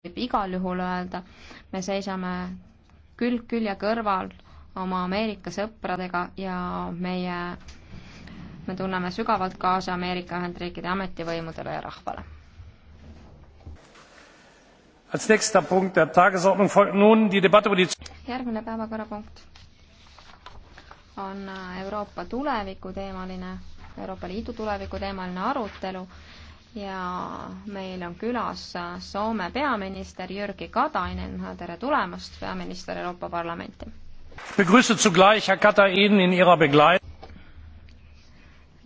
võib igal juhul öelda, me seisame külg külje kõrval oma Ameerika sõpradega ja meie, me tunneme sügavalt kaasa Ameerika Ühendriikide ametivõimudele ja rahvale. järgmine päevakorrapunkt on Euroopa tuleviku teemaline, Euroopa Liidu tuleviku teemaline arutelu ja meil on külas Soome peaminister Jyrki Katainen, tere tulemast, peaminister Euroopa Parlamenti.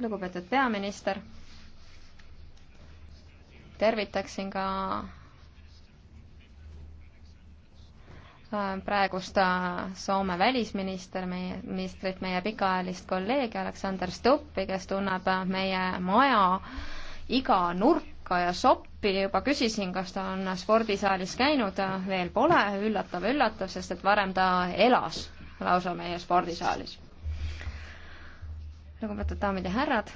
lugupeetud peaminister, tervitaksin ka äh, praegust äh, Soome välisminister, meie, ministrit, meie pikaajalist kolleegi Aleksander Stuppi, kes tunneb äh, meie maja iga nurka ja soppi, juba küsisin, kas ta on spordisaalis käinud, veel pole, üllatav-üllatav, sest et varem ta elas lausa meie spordisaalis. lugupeetud daamid ja härrad,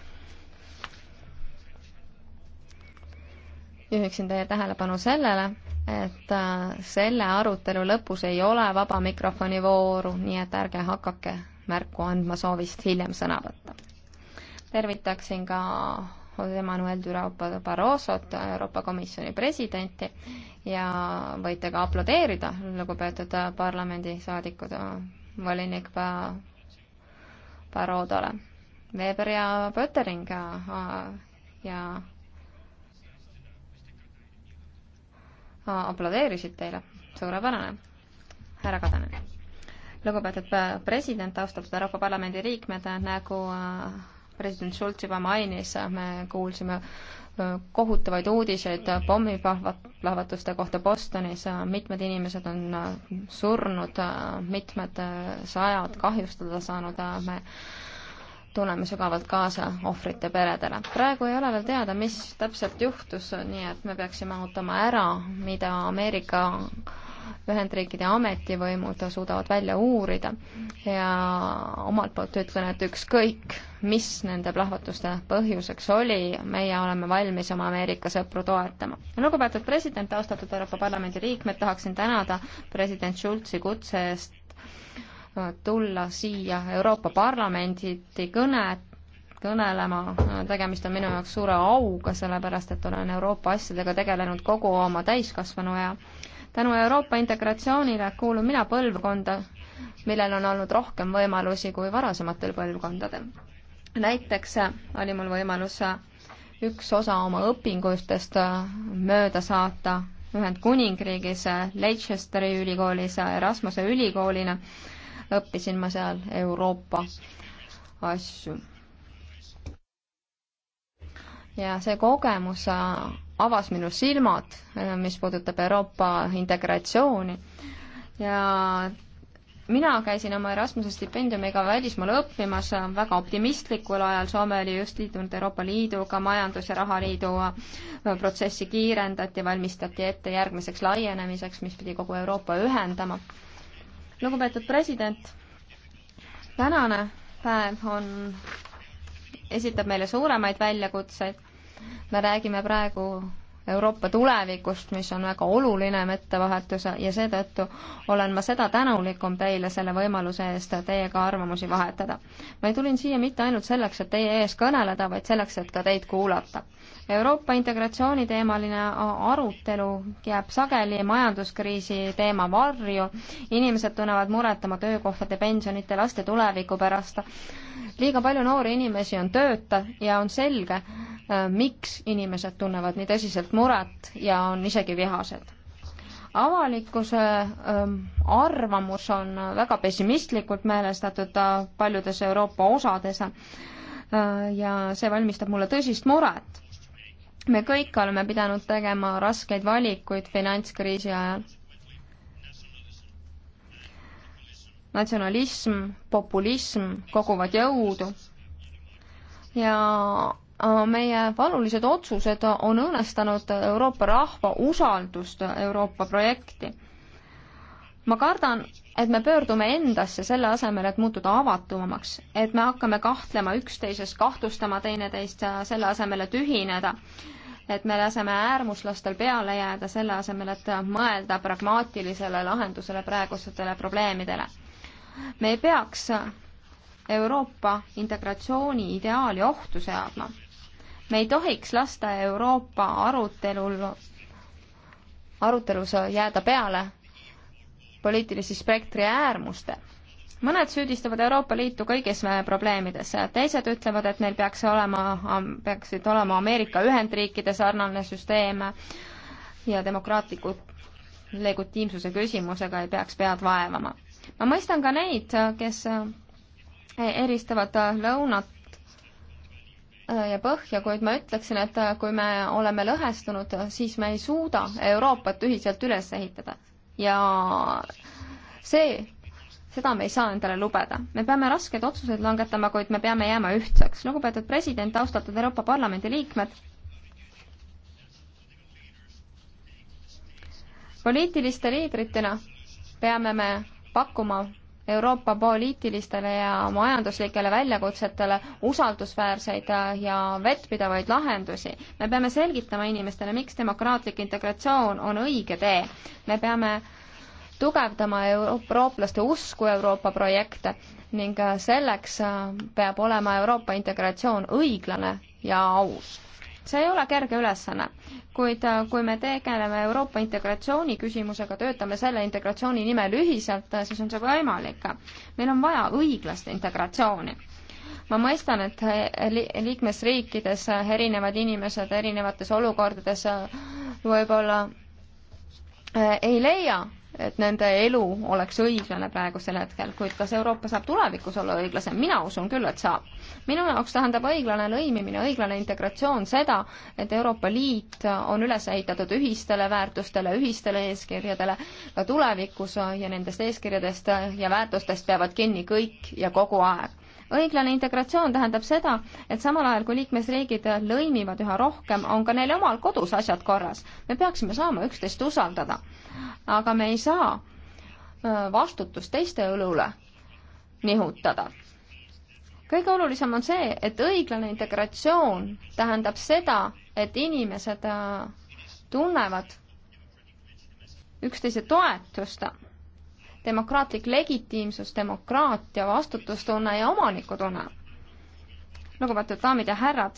juhiksin teie tähelepanu sellele, et äh, selle arutelu lõpus ei ole vaba mikrofoni vooru, nii et ärge hakake märku andma soovist hiljem sõna võtta. tervitaksin ka Jose Manuel Durao Barrosot, Euroopa Komisjoni presidenti ja võite ka aplodeerida, lugupeetud parlamendisaadikud, volinik Barrodole. Weber ja Pöttering ja, ja aplodeerisid teile, suurepärane, härra Kadanen. lugupeetud president, austatud Euroopa Parlamendi liikmed, nagu president Schulz juba mainis, me kuulsime äh, kohutavaid uudiseid pommipahvatuste kohta Bostonis, mitmed inimesed on äh, surnud, äh, mitmed sajad kahjustada saanud, me tunneme sügavalt kaasa ohvrite peredele. praegu ei ole veel teada, mis täpselt juhtus, nii et me peaksime ootama ära, mida Ameerika Ühendriikide ametivõimud suudavad välja uurida ja omalt poolt ütlen, et ükskõik, mis nende plahvatuste põhjuseks oli, meie oleme valmis oma Ameerika sõpru toetama. lugupeetud president, austatud Euroopa Parlamendi liikmed, tahaksin tänada president Schulzi kutse eest tulla siia Euroopa Parlamendi kõnet kõnelema, tegemist on minu jaoks suure auga, sellepärast et olen Euroopa asjadega tegelenud kogu oma täiskasvanuea tänu Euroopa integratsioonile kuulun mina põlvkonda, millel on olnud rohkem võimalusi kui varasematel põlvkondadel. näiteks äh, oli mul võimalus äh, üks osa oma õpingutest äh, mööda saata Ühendkuningriigis Leicesteri ülikoolis Erasmuse ülikoolina õppisin ma seal Euroopa asju ja see kogemus äh, avas minu silmad, äh, mis puudutab Euroopa integratsiooni ja mina käisin oma Erasmuse stipendiumiga välismaal õppimas äh, väga optimistlikul ajal, Soome oli just liitunud Euroopa Liiduga, Majandus- ja Rahaliidu protsessi kiirendati, valmistati ette järgmiseks laienemiseks, mis pidi kogu Euroopa ühendama. lugupeetud president, tänane päev on, esitab meile suuremaid väljakutseid, me räägime praegu Euroopa tulevikust, mis on väga oluline mõttevahetus ja seetõttu olen ma seda tänulikum teile selle võimaluse eest teiega arvamusi vahetada. ma ei tulin siia mitte ainult selleks, et teie ees kõneleda, vaid selleks, et ka teid kuulata. Euroopa integratsiooni teemaline arutelu jääb sageli majanduskriisi teema varju, inimesed tunnevad muret oma töökohtade, pensionite, laste tuleviku pärast, liiga palju noori inimesi on tööta ja on selge, Äh, miks inimesed tunnevad nii tõsiselt muret ja on isegi vihased. avalikkuse ähm, arvamus on väga pessimistlikult meelestatud äh, paljudes Euroopa osades äh, ja see valmistab mulle tõsist muret. me kõik oleme pidanud tegema raskeid valikuid finantskriisi ajal. natsionalism, populism koguvad jõudu ja meie valulised otsused on õõnestanud Euroopa rahva usaldust Euroopa projekti. ma kardan, et me pöördume endasse selle asemel, et muutuda avatumaks, et me hakkame kahtlema üksteises, kahtlustama teineteist selle asemel, et ühineda, et me laseme äärmuslastel peale jääda selle asemel, et mõelda pragmaatilisele lahendusele praegustele probleemidele. me ei peaks Euroopa integratsiooni ideaali ohtu seadma me ei tohiks lasta Euroopa arutelul, arutelus jääda peale poliitilise spektri äärmuste. mõned süüdistavad Euroopa Liitu kõigis probleemides, teised ütlevad, et neil peaks olema, peaksid olema Ameerika Ühendriikide sarnane süsteem ja demokraatliku legitiimsuse küsimusega ei peaks pead vaevama. ma mõistan ka neid, kes eristavad lõunat Äh, ja põhja, kuid ma ütleksin, et äh, kui me oleme lõhestunud, siis me ei suuda Euroopat ühiselt üles ehitada. ja see, seda me ei saa endale lubada. me peame raskeid otsuseid langetama, kuid me peame jääma ühtseks. lugupeetud president, austatud Euroopa Parlamendi liikmed, poliitiliste liidritena peame me pakkuma Euroopa poliitilistele ja majanduslikele väljakutsetele usaldusväärseid ja vettpidavaid lahendusi. me peame selgitama inimestele, miks demokraatlik integratsioon on õige tee. me peame tugevdama eurooplaste usku Euroopa projekte ning selleks peab olema Euroopa integratsioon õiglane ja aus see ei ole kerge ülesanne, kuid äh, kui me tegeleme Euroopa integratsiooni küsimusega, töötame selle integratsiooni nimel ühiselt, äh, siis on see võimalik. meil on vaja õiglast integratsiooni ma mõistan, et äh, liikmesriikides erinevad inimesed erinevates olukordades võib-olla ei leia et nende elu oleks õiglane praegusel hetkel, kuid kas Euroopa saab tulevikus olla õiglasem, mina usun küll, et saab. minu jaoks tähendab õiglane lõimimine, õiglane integratsioon seda, et Euroopa Liit on üles ehitatud ühistele väärtustele, ühistele eeskirjadele ka tulevikus ja nendest eeskirjadest ja väärtustest peavad kinni kõik ja kogu aeg õiglane integratsioon tähendab seda, et samal ajal, kui liikmesriigid lõimivad üha rohkem, on ka neil omal kodus asjad korras. me peaksime saama üksteist usaldada. aga me ei saa vastutust teiste õlule nihutada kõige olulisem on see, et õiglane integratsioon tähendab seda, et inimesed tunnevad üksteise toetust demokraatlik legitiimsus, demokraatia, vastutustunne ja omanikutunne. lugupeetud daamid ja härrad,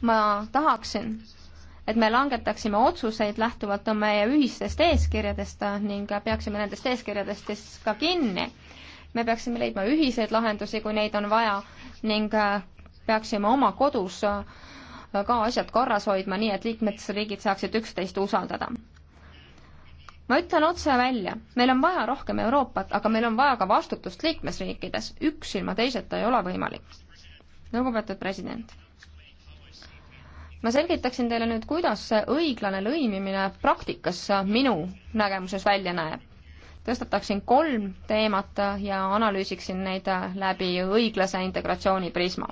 ma tahaksin, et me langetaksime otsuseid lähtuvalt meie ühistest eeskirjadest ning peaksime nendest eeskirjadest siis ka kinni. me peaksime leidma ühiseid lahendusi, kui neid on vaja ning äh, peaksime oma kodus äh, ka asjad korras hoidma, nii et liikmesriigid saaksid üksteist usaldada ma ütlen otse välja, meil on vaja rohkem Euroopat, aga meil on vaja ka vastutust liikmesriikides, üks ilma teiseta ei ole võimalik. lugupeetud president, ma selgitaksin teile nüüd, kuidas see õiglane lõimimine praktikas minu nägemuses välja näeb. tõstataksin kolm teemat ja analüüsiksin neid läbi õiglase integratsiooni prisma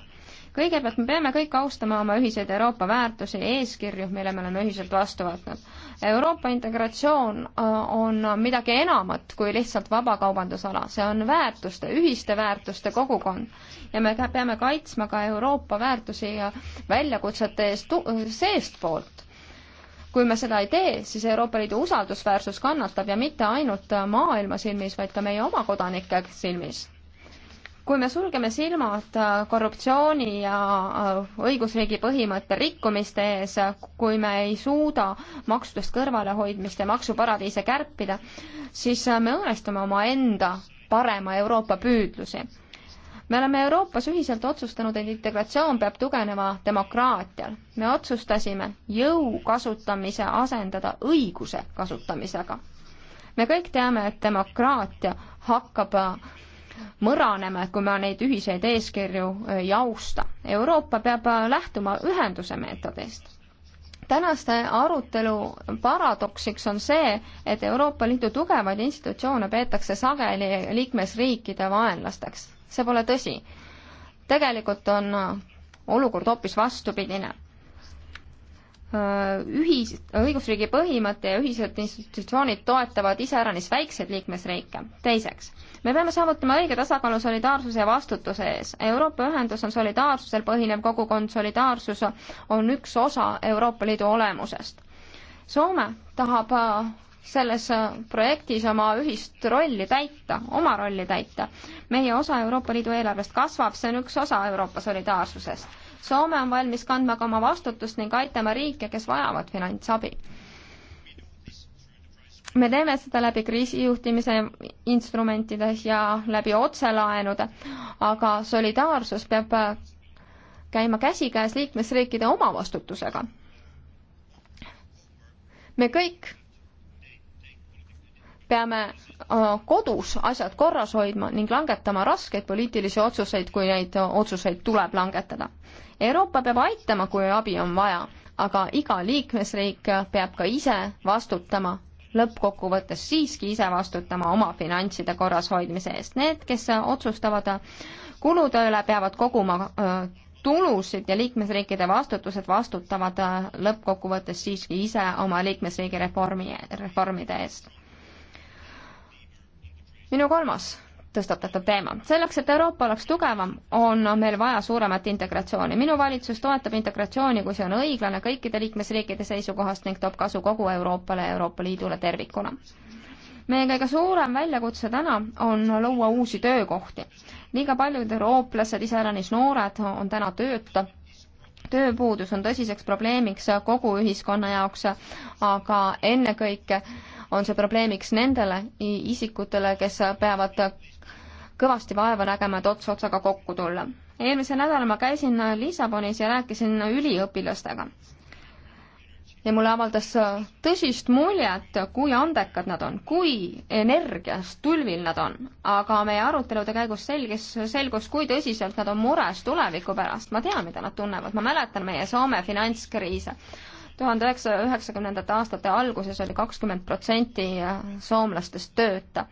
kõigepealt me peame kõik austama oma ühiseid Euroopa väärtusi ja eeskirju, mille me oleme ühiselt vastu võtnud Euroopa integratsioon äh, on midagi enamat kui lihtsalt vabakaubandusala, see on väärtuste, ühiste väärtuste kogukond ja me peame kaitsma ka Euroopa väärtusi ja väljakutsete eest seestpoolt kui me seda ei tee, siis Euroopa Liidu usaldusväärsus kannatab ja mitte ainult maailma silmis, vaid ka meie oma kodanike silmis kui me sulgeme silmad äh, korruptsiooni ja äh, õigusriigi põhimõtte rikkumiste ees, kui me ei suuda maksudest kõrvalehoidmist ja maksuparadiise kärpida, siis äh, me õõnestame omaenda parema Euroopa püüdlusi. me oleme Euroopas ühiselt otsustanud, et integratsioon peab tugevnema demokraatial. me otsustasime jõu kasutamise asendada õiguse kasutamisega. me kõik teame, et demokraatia hakkab mõraneme, kui me neid ühiseid eeskirju ei äh, austa. Euroopa peab äh, lähtuma ühenduse meetodist. tänaste arutelu paradoksiks on see, et Euroopa Liidu tugevaid institutsioone peetakse sageli liikmesriikide vaenlasteks. see pole tõsi. tegelikult on äh, olukord hoopis vastupidine Äh, ühis, õigusriigi põhimõte ja ühised institutsioonid toetavad iseäranis väikseid liikmesriike. teiseks, me peame saavutama õige tasakaalu solidaarsuse ja vastutuse ees. Euroopa ühendus on solidaarsusel põhinev kogukond, solidaarsus on üks osa Euroopa Liidu olemusest. Soome tahab äh, selles äh, projektis oma ühist rolli täita, oma rolli täita. meie osa Euroopa Liidu eelarvest kasvab, see on üks osa Euroopa solidaarsusest Soome on valmis kandma ka oma vastutust ning aitama riike, kes vajavad finantsabi. me teeme seda läbi kriisijuhtimise instrumentide ja läbi otselaenude, aga solidaarsus peab käima käsikäes liikmesriikide omavastutusega. me kõik peame kodus asjad korras hoidma ning langetama raskeid poliitilisi otsuseid, kui neid otsuseid tuleb langetada. Euroopa peab aitama, kui abi on vaja, aga iga liikmesriik peab ka ise vastutama, lõppkokkuvõttes siiski ise vastutama oma finantside korrashoidmise eest. Need, kes otsustavad kulude üle, peavad koguma tulusid ja liikmesriikide vastutused vastutavad lõppkokkuvõttes siiski ise oma liikmesriigi reformi, reformide eest minu kolmas tõstatatav teema. selleks, et Euroopa oleks tugevam, on meil vaja suuremat integratsiooni. minu valitsus toetab integratsiooni, kui see on õiglane kõikide liikmesriikide seisukohast ning toob kasu kogu Euroopale ja Euroopa Liidule tervikuna. meie kõige suurem väljakutse täna on luua uusi töökohti. liiga paljud eurooplased, iseäranis noored, on täna tööta tööpuudus on tõsiseks probleemiks kogu ühiskonna jaoks, aga ennekõike on see probleemiks nendele isikutele, kes peavad kõvasti vaeva nägema, et ots otsaga kokku tulla. eelmisel nädalal ma käisin Lissabonis ja rääkisin üliõpilastega. ja mulle avaldas tõsist muljet, kui andekad nad on, kui energias tulvil nad on, aga meie arutelude käigus selgis, selgus, kui tõsiselt nad on mures tuleviku pärast. ma tean, mida nad tunnevad, ma mäletan meie Soome finantskriise tuhande üheksasaja üheksakümnendate aastate alguses oli kakskümmend protsenti äh, soomlastest tööta.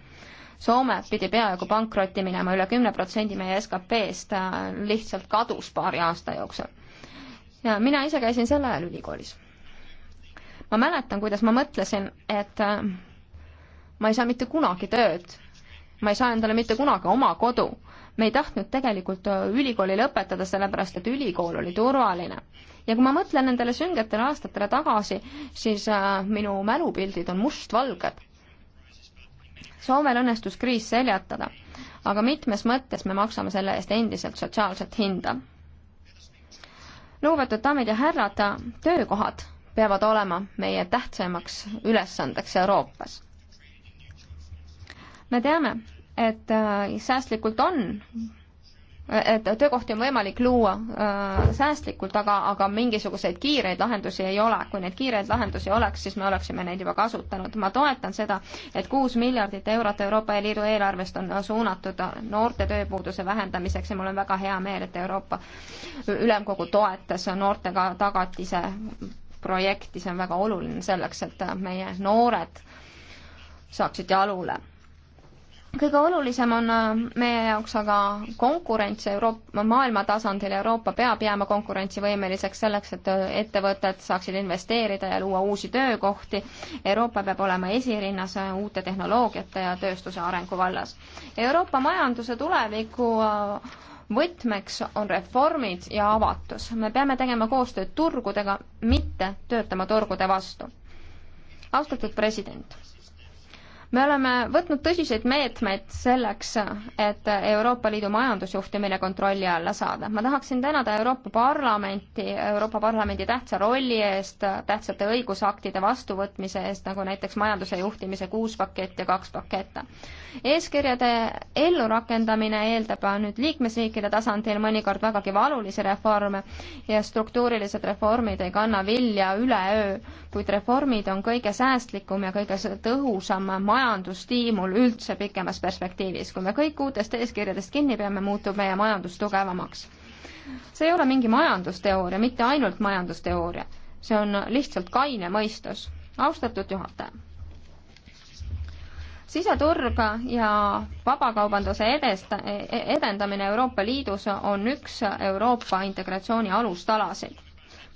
Soome pidi peaaegu pankrotti minema, üle kümne protsendi meie SKP-st äh, lihtsalt kadus paari aasta jooksul. ja mina ise käisin sel ajal ülikoolis. ma mäletan, kuidas ma mõtlesin, et äh, ma ei saa mitte kunagi tööd, ma ei saa endale mitte kunagi oma kodu. me ei tahtnud tegelikult ülikooli lõpetada, sellepärast et ülikool oli turvaline ja kui ma mõtlen nendele süngetele aastatele tagasi, siis äh, minu mälupildid on mustvalged. Soomel õnnestus kriis seljatada, aga mitmes mõttes me maksame selle eest endiselt sotsiaalset hinda. lugupeetud daamid ja härrad, töökohad peavad olema meie tähtsaimaks ülesandeks Euroopas. me teame, et äh, säästlikult on et töökohti on võimalik luua äh, säästlikult, aga, aga mingisuguseid kiireid lahendusi ei ole. kui neid kiireid lahendusi oleks, siis me oleksime neid juba kasutanud. ma toetan seda, et kuus miljardit eurot Euroopa Liidu eelarvest on suunatud noorte tööpuuduse vähendamiseks ja mul on väga hea meel, et Euroopa Ülemkogu toetas noortega tagatise projekti, see on väga oluline selleks, et meie noored saaksid jalule kõige olulisem on äh, meie jaoks aga konkurents Euroopa, maailma tasandil, Euroopa peab jääma konkurentsivõimeliseks selleks, et äh, ettevõtted saaksid investeerida ja luua uusi töökohti. Euroopa peab olema esirinnas äh, uute tehnoloogiate ja tööstuse arengu vallas. Euroopa majanduse tuleviku võtmeks on reformid ja avatus. me peame tegema koostööd turgudega, mitte töötama turgude vastu. austatud president me oleme võtnud tõsiseid meetmeid selleks, et Euroopa Liidu majandusjuhtimine kontrolli alla saada. ma tahaksin tänada Euroopa Parlamenti, Euroopa Parlamendi tähtsa rolli eest, tähtsate õigusaktide vastuvõtmise eest, nagu näiteks majanduse juhtimise kuus pakett ja kaks pakett eeskirjade ellurakendamine eeldab nüüd liikmesriikide tasandil mõnikord vägagi valulisi reforme ja struktuurilised reformid ei kanna vilja üleöö, kuid reformid on kõige säästlikum ja kõige tõhusam majandusstiimul üldse pikemas perspektiivis. kui me kõik uutest eeskirjadest kinni peame, muutub meie majandus tugevamaks. see ei ole mingi majandusteooria, mitte ainult majandusteooria, see on lihtsalt kaine mõistus. austatud juhataja siseturg ja vabakaubanduse edest-, edendamine Euroopa Liidus on üks Euroopa integratsiooni alustalasid.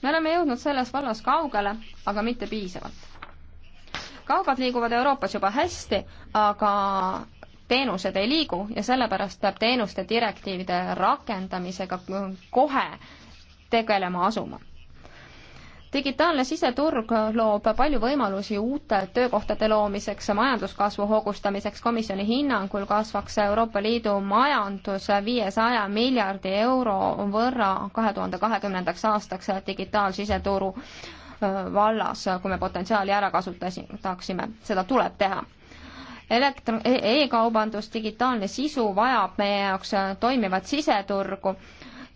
me oleme jõudnud selles vallas kaugele, aga mitte piisavalt. kaubad liiguvad Euroopas juba hästi, aga teenused ei liigu ja sellepärast peab teenuste direktiivide rakendamisega kohe tegelema asuma digitaalne siseturg loob palju võimalusi uute töökohtade loomiseks, majanduskasvu hoogustamiseks. komisjoni hinnangul kasvaks Euroopa Liidu majandus viiesaja miljardi euro võrra kahe tuhande kahekümnendaks aastaks digitaalsiseturu vallas, kui me potentsiaali ära kasutaksime. seda tuleb teha elektro e, e-kaubandus, digitaalne sisu vajab meie jaoks äh, toimivat siseturgu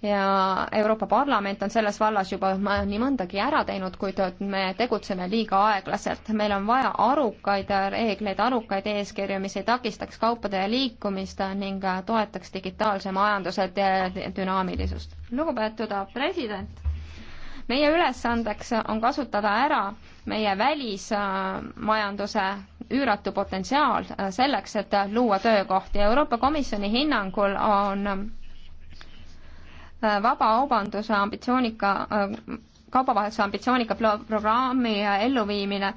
ja Euroopa Parlament on selles vallas juba nii mõndagi ära teinud, kuid me tegutseme liiga aeglaselt. meil on vaja arukaid reegleid, arukaid eeskirju, mis ei takistaks kaupade liikumist ning toetaks digitaalse majanduse dünaamilisust. lugupeetud president, meie ülesandeks on kasutada ära meie välismajanduse üüratu potentsiaal selleks, et luua töökohti. Euroopa Komisjoni hinnangul on vabakaubanduse ambitsioonika, kaubavahetuse ambitsioonika programmi elluviimine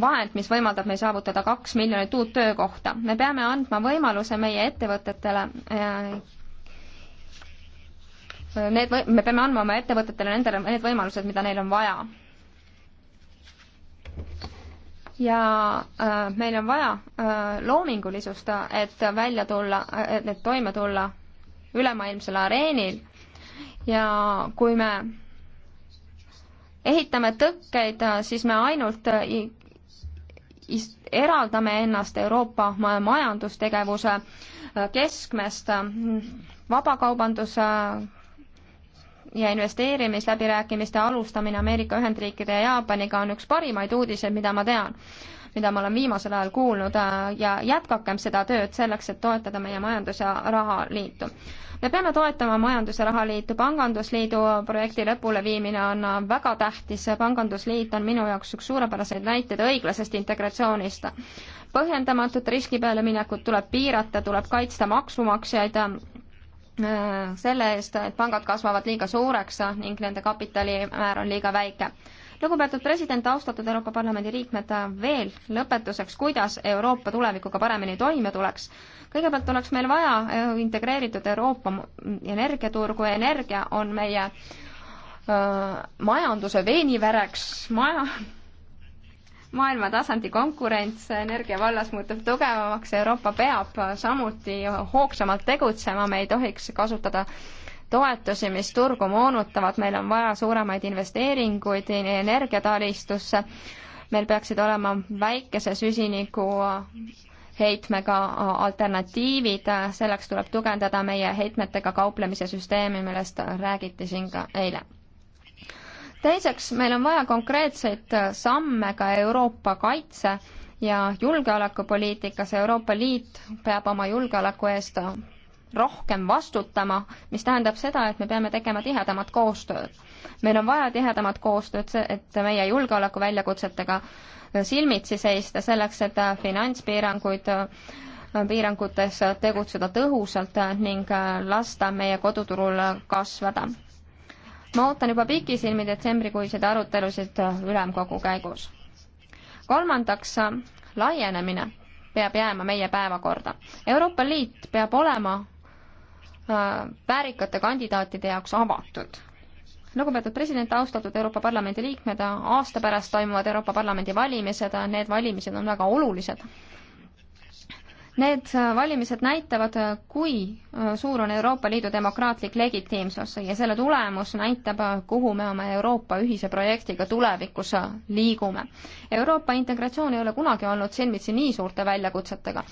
vahend, mis võimaldab meil saavutada kaks miljonit uut töökohta. me peame andma võimaluse meie ettevõtetele Need või-, me peame andma oma ettevõtetele nendele need võimalused, mida neil on vaja. ja äh, meil on vaja äh, loomingulisust, et välja tulla, et toime tulla ülemaailmsel areenil ja kui me ehitame tõkkeid, siis me ainult eraldame ennast Euroopa majandustegevuse äh, keskmest äh, vabakaubanduse äh, ja investeerimisläbirääkimiste alustamine Ameerika Ühendriikide ja Jaapaniga on üks parimaid uudiseid, mida ma tean, mida ma olen viimasel ajal kuulnud ja jätkakem seda tööd selleks, et toetada meie majandus- ja rahaliitu me peame toetama Majandus- ja Rahaliitu, Pangandusliidu projekti lõpuleviimine on väga tähtis, Pangandusliit on minu jaoks üks suurepäraseid näiteid õiglasest integratsioonist. põhjendamatut riski peale minekut tuleb piirata, tuleb kaitsta maksumaksjaid äh, selle eest, et pangad kasvavad liiga suureks ning nende kapitalimäär on liiga väike lugupeetud president, austatud Euroopa Parlamendi liikmed, veel lõpetuseks, kuidas Euroopa tulevikuga paremini toime tuleks kõigepealt oleks meil vaja äh, integreeritud Euroopa energiaturgu ja energia on meie öö, äh, majanduse veeniväreks, maja, maailmatasandi konkurents energia vallas muutub tugevamaks, Euroopa peab samuti hoogsamalt tegutsema, me ei tohiks kasutada toetusi, mis turgu moonutavad, meil on vaja suuremaid investeeringuid energiataristusse, meil peaksid olema väikese süsiniku heitmega alternatiivid, selleks tuleb tugevdada meie heitmetega kauplemise süsteemi, millest räägiti siin ka eile. teiseks, meil on vaja konkreetseid samme ka Euroopa kaitse ja julgeolekupoliitikas, Euroopa Liit peab oma julgeoleku eest rohkem vastutama, mis tähendab seda, et me peame tegema tihedamat koostööd. meil on vaja tihedamat koostööd, et meie julgeolekuväljakutsetega äh, silmitsi seista selleks, et finantspiiranguid, piirangutes tegutseda tõhusalt ning lasta meie koduturul kasvada. ma ootan juba pikisilmi detsembrikuiseid arutelusid ülemkogu käigus. kolmandaks, laienemine peab jääma meie päevakorda. Euroopa Liit peab olema äh, väärikate kandidaatide jaoks avatud lugupeetud president, austatud Euroopa Parlamendi liikmed, aasta pärast toimuvad Euroopa Parlamendi valimised, need valimised on väga olulised. Need valimised näitavad, kui suur on Euroopa Liidu demokraatlik legitiimsus ja selle tulemus näitab, kuhu me oma Euroopa ühise projektiga tulevikus liigume. Euroopa integratsioon ei ole kunagi olnud silmitsi nii suurte väljakutsetega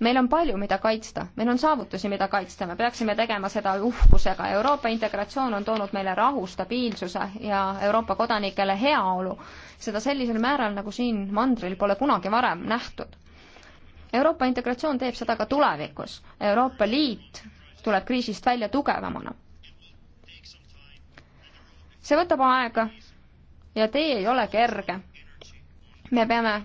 meil on palju, mida kaitsta, meil on saavutusi, mida kaitsta, me peaksime tegema seda uhkusega. Euroopa integratsioon on toonud meile rahu, stabiilsuse ja Euroopa kodanikele heaolu. seda sellisel määral, nagu siin mandril pole kunagi varem nähtud. Euroopa integratsioon teeb seda ka tulevikus. Euroopa Liit tuleb kriisist välja tugevamana. see võtab aega ja tee ei ole kerge. me peame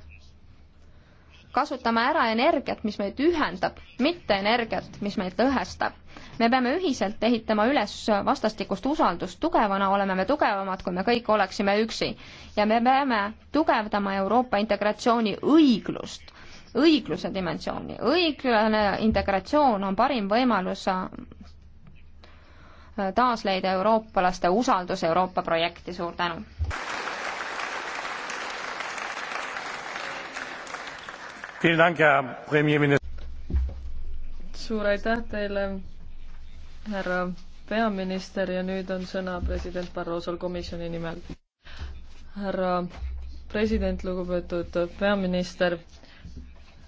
kasutama ära energiat, mis meid ühendab, mitte energiat, mis meid lõhestab. me peame ühiselt ehitama üles vastastikust usaldust, tugevana oleme me tugevamad, kui me kõik oleksime üksi. ja me peame tugevdama Euroopa integratsiooni õiglust, õigluse dimensiooni. õiglane integratsioon on parim võimalus äh, taas leida eurooplaste usaldus Euroopa projekti, suur tänu! suur aitäh teile, härra peaminister ja nüüd on sõna president Barrosol komisjoni nimel. härra president, lugupeetud peaminister,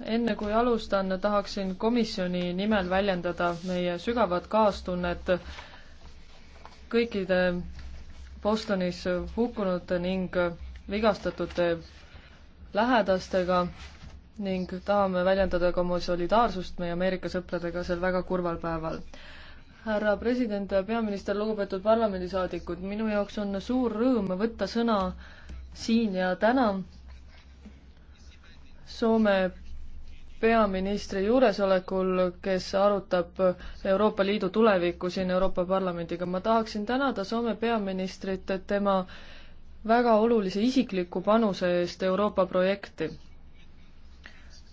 enne kui alustan, tahaksin komisjoni nimel väljendada meie sügavat kaastunnet kõikide Bostonis hukkunute ning vigastatute lähedastega ning tahame väljendada ka oma solidaarsust meie Ameerika sõpradega sel väga kurval päeval. härra president ja peaminister, lugupeetud parlamendisaadikud, minu jaoks on suur rõõm võtta sõna siin ja täna Soome peaministri juuresolekul, kes arutab Euroopa Liidu tulevikku siin Euroopa Parlamendiga. ma tahaksin tänada Soome peaministrit tema väga olulise isikliku panuse eest Euroopa projekti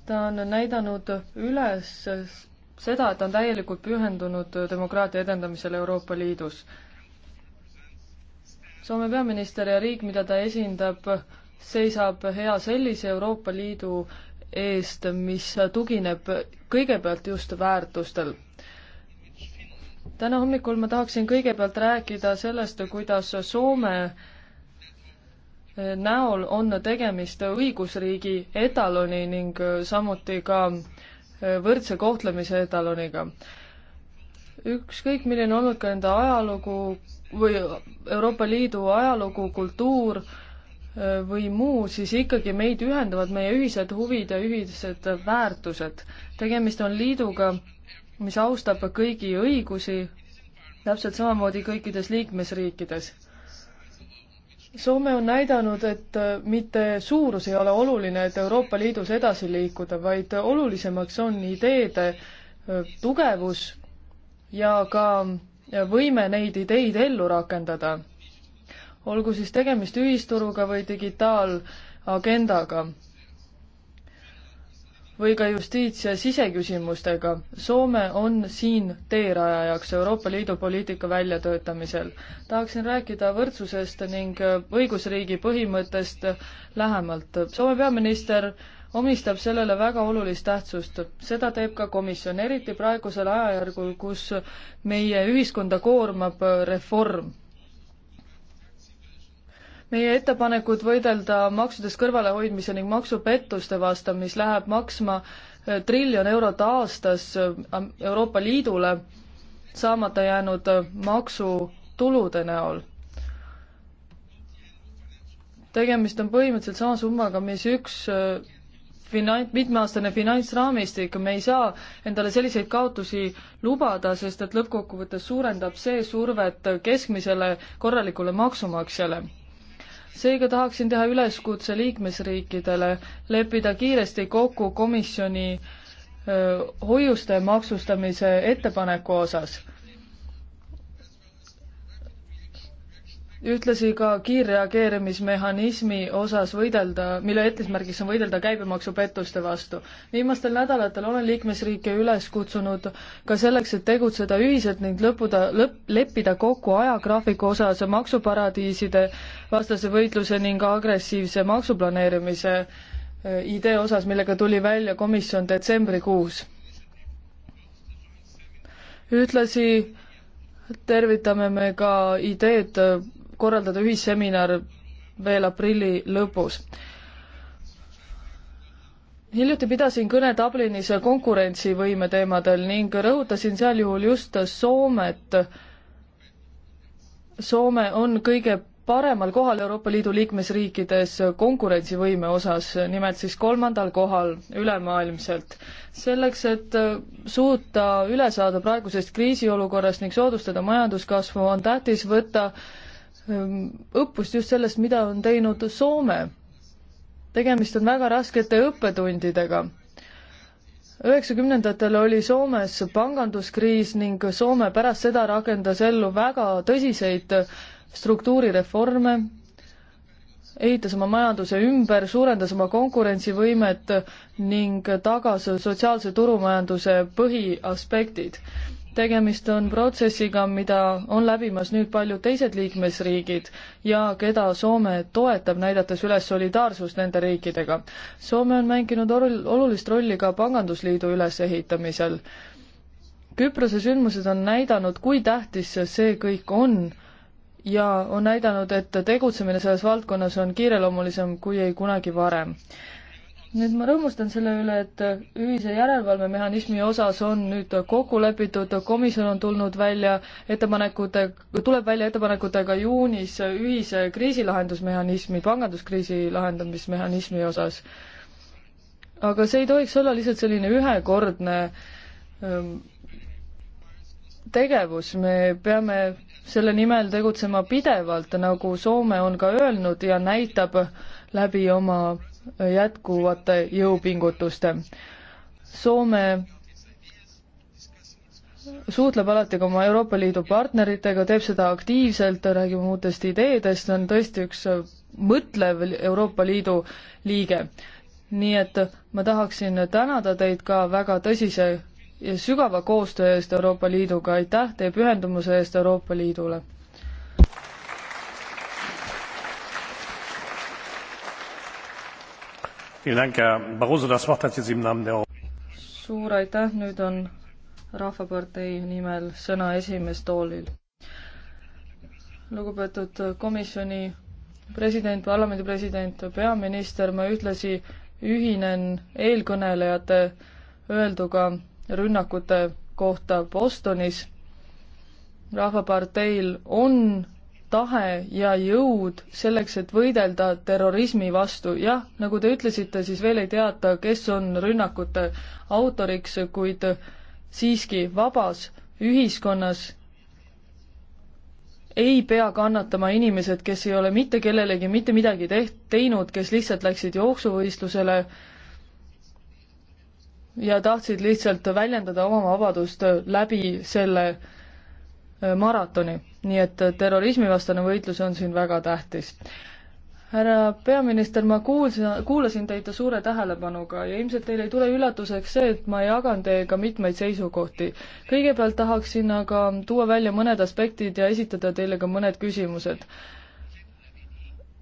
ta on näidanud üles seda, et ta on täielikult pühendunud demokraatia edendamisele Euroopa Liidus. Soome peaminister ja riik, mida ta esindab, seisab hea sellise Euroopa Liidu eest, mis tugineb kõigepealt just väärtustel. täna hommikul ma tahaksin kõigepealt rääkida sellest, kuidas Soome näol on tegemist õigusriigi etaloni ning samuti ka võrdse kohtlemise etaloniga. ükskõik, milline on olnud ka nende ajalugu või Euroopa Liidu ajalugu, kultuur äh, või muu, siis ikkagi meid ühendavad meie ühised huvid ja ühised väärtused. tegemist on liiduga, mis austab kõigi õigusi, täpselt samamoodi kõikides liikmesriikides Soome on näidanud, et äh, mitte suurus ei ole oluline, et Euroopa Liidus edasi liikuda, vaid olulisemaks on ideede äh, tugevus ja ka äh, võime neid ideid ellu rakendada. olgu siis tegemist ühisturuga või digitaalagendaga või ka justiits- ja siseküsimustega. Soome on siin teerajajaks Euroopa Liidu poliitika väljatöötamisel. tahaksin rääkida võrdsusest ning õigusriigi põhimõttest lähemalt. Soome peaminister omistab sellele väga olulist tähtsust. seda teeb ka komisjon, eriti praegusel ajajärgul, kus meie ühiskonda koormab reform meie ettepanekud võidelda maksudest kõrvalehoidmise ning maksupettuste vastu, mis läheb maksma äh, triljon eurot aastas äh, Euroopa Liidule saamata jäänud äh, maksutulude näol. tegemist on põhimõtteliselt sama summaga, mis üks finant, mitmeaastane finantsraamistik, me ei saa endale selliseid kaotusi lubada, sest et lõppkokkuvõttes suurendab see survet keskmisele korralikule maksumaksjale seega tahaksin teha üleskutse liikmesriikidele leppida kiiresti kokku komisjoni hoiuste maksustamise ettepaneku osas ühtlasi ka kiirreageerimismehhanismi osas võidelda, mille eesmärgiks on võidelda käibemaksupettuste vastu. viimastel nädalatel olen liikmesriike üles kutsunud ka selleks, et tegutseda ühiselt ning lõppuda, lõpp, leppida kokku ajagraafiku osas maksuparadiiside vastase võitluse ning agressiivse maksuplaneerimise eh, idee osas, millega tuli välja komisjon detsembrikuus. ühtlasi tervitame me ka ideed korraldada ühisseminar veel aprilli lõpus. hiljuti pidasin kõne Dublinis konkurentsivõime teemadel ning rõhutasin sealjuhul just Soomet. Soome on kõige paremal kohal Euroopa Liidu liikmesriikides konkurentsivõime osas, nimelt siis kolmandal kohal ülemaailmselt. selleks, et suuta üle saada praegusest kriisiolukorrast ning soodustada majanduskasvu, on tähtis võtta äh, Ehm, õppust just sellest, mida on teinud Soome. tegemist on väga raskete õppetundidega. üheksakümnendatel oli Soomes panganduskriis ning Soome pärast seda rakendas ellu väga tõsiseid struktuurireforme, ehitas oma majanduse ümber, suurendas oma konkurentsivõimet ning tagas sotsiaalse turumajanduse põhiaspektid tegemist on protsessiga, mida on läbimas nüüd paljud teised liikmesriigid ja keda Soome toetab, näidates üles solidaarsust nende riikidega. Soome on mänginud olulist rolli ka pangandusliidu ülesehitamisel. Küprose sündmused on näidanud, kui tähtis see kõik on ja on näidanud, et tegutsemine selles valdkonnas on kiireloomulisem kui ei kunagi varem nüüd ma rõõmustan selle üle, et ühise järelevalvemehhanismi osas on nüüd kokku lepitud, komisjon on tulnud välja ettepanekute, tuleb välja ettepanekutega juunis ühise kriisilahendusmehhanismi, panganduskriisi lahendamismehhanismi osas. aga see ei tohiks olla lihtsalt selline ühekordne ähm, tegevus, me peame selle nimel tegutsema pidevalt, nagu Soome on ka öelnud ja näitab läbi oma jätkuvate jõupingutuste. Soome suhtleb alati ka oma Euroopa Liidu partneritega, teeb seda aktiivselt, räägib uutest ideedest, on tõesti üks mõtlev Euroopa Liidu liige. nii et ma tahaksin tänada teid ka väga tõsise ja sügava koostöö eest Euroopa Liiduga, aitäh teie pühendumuse eest Euroopa Liidule! suur aitäh, nüüd on Rahvapartei nimel sõna esimestoolil. lugupeetud komisjoni president, parlamendi president, peaminister, ma ühtlasi ühinen eelkõnelejate öelduga rünnakute kohta Bostonis. rahvaparteil on tahe ja jõud selleks, et võidelda terrorismi vastu. jah, nagu te ütlesite, siis veel ei teata, kes on rünnakute autoriks, kuid siiski vabas ühiskonnas ei pea kannatama inimesed, kes ei ole mitte kellelegi mitte midagi teht-, teinud, kes lihtsalt läksid jooksuvõistlusele ja tahtsid lihtsalt väljendada oma vabadust läbi selle äh, maratoni. nii et terrorismivastane võitlus on siin väga tähtis. härra peaminister, ma kuulsin, kuulasin teid suure tähelepanuga ja ilmselt teile ei tule üllatuseks see, et ma jagan teiega mitmeid seisukohti. kõigepealt tahaksin aga tuua välja mõned aspektid ja esitada teile ka mõned küsimused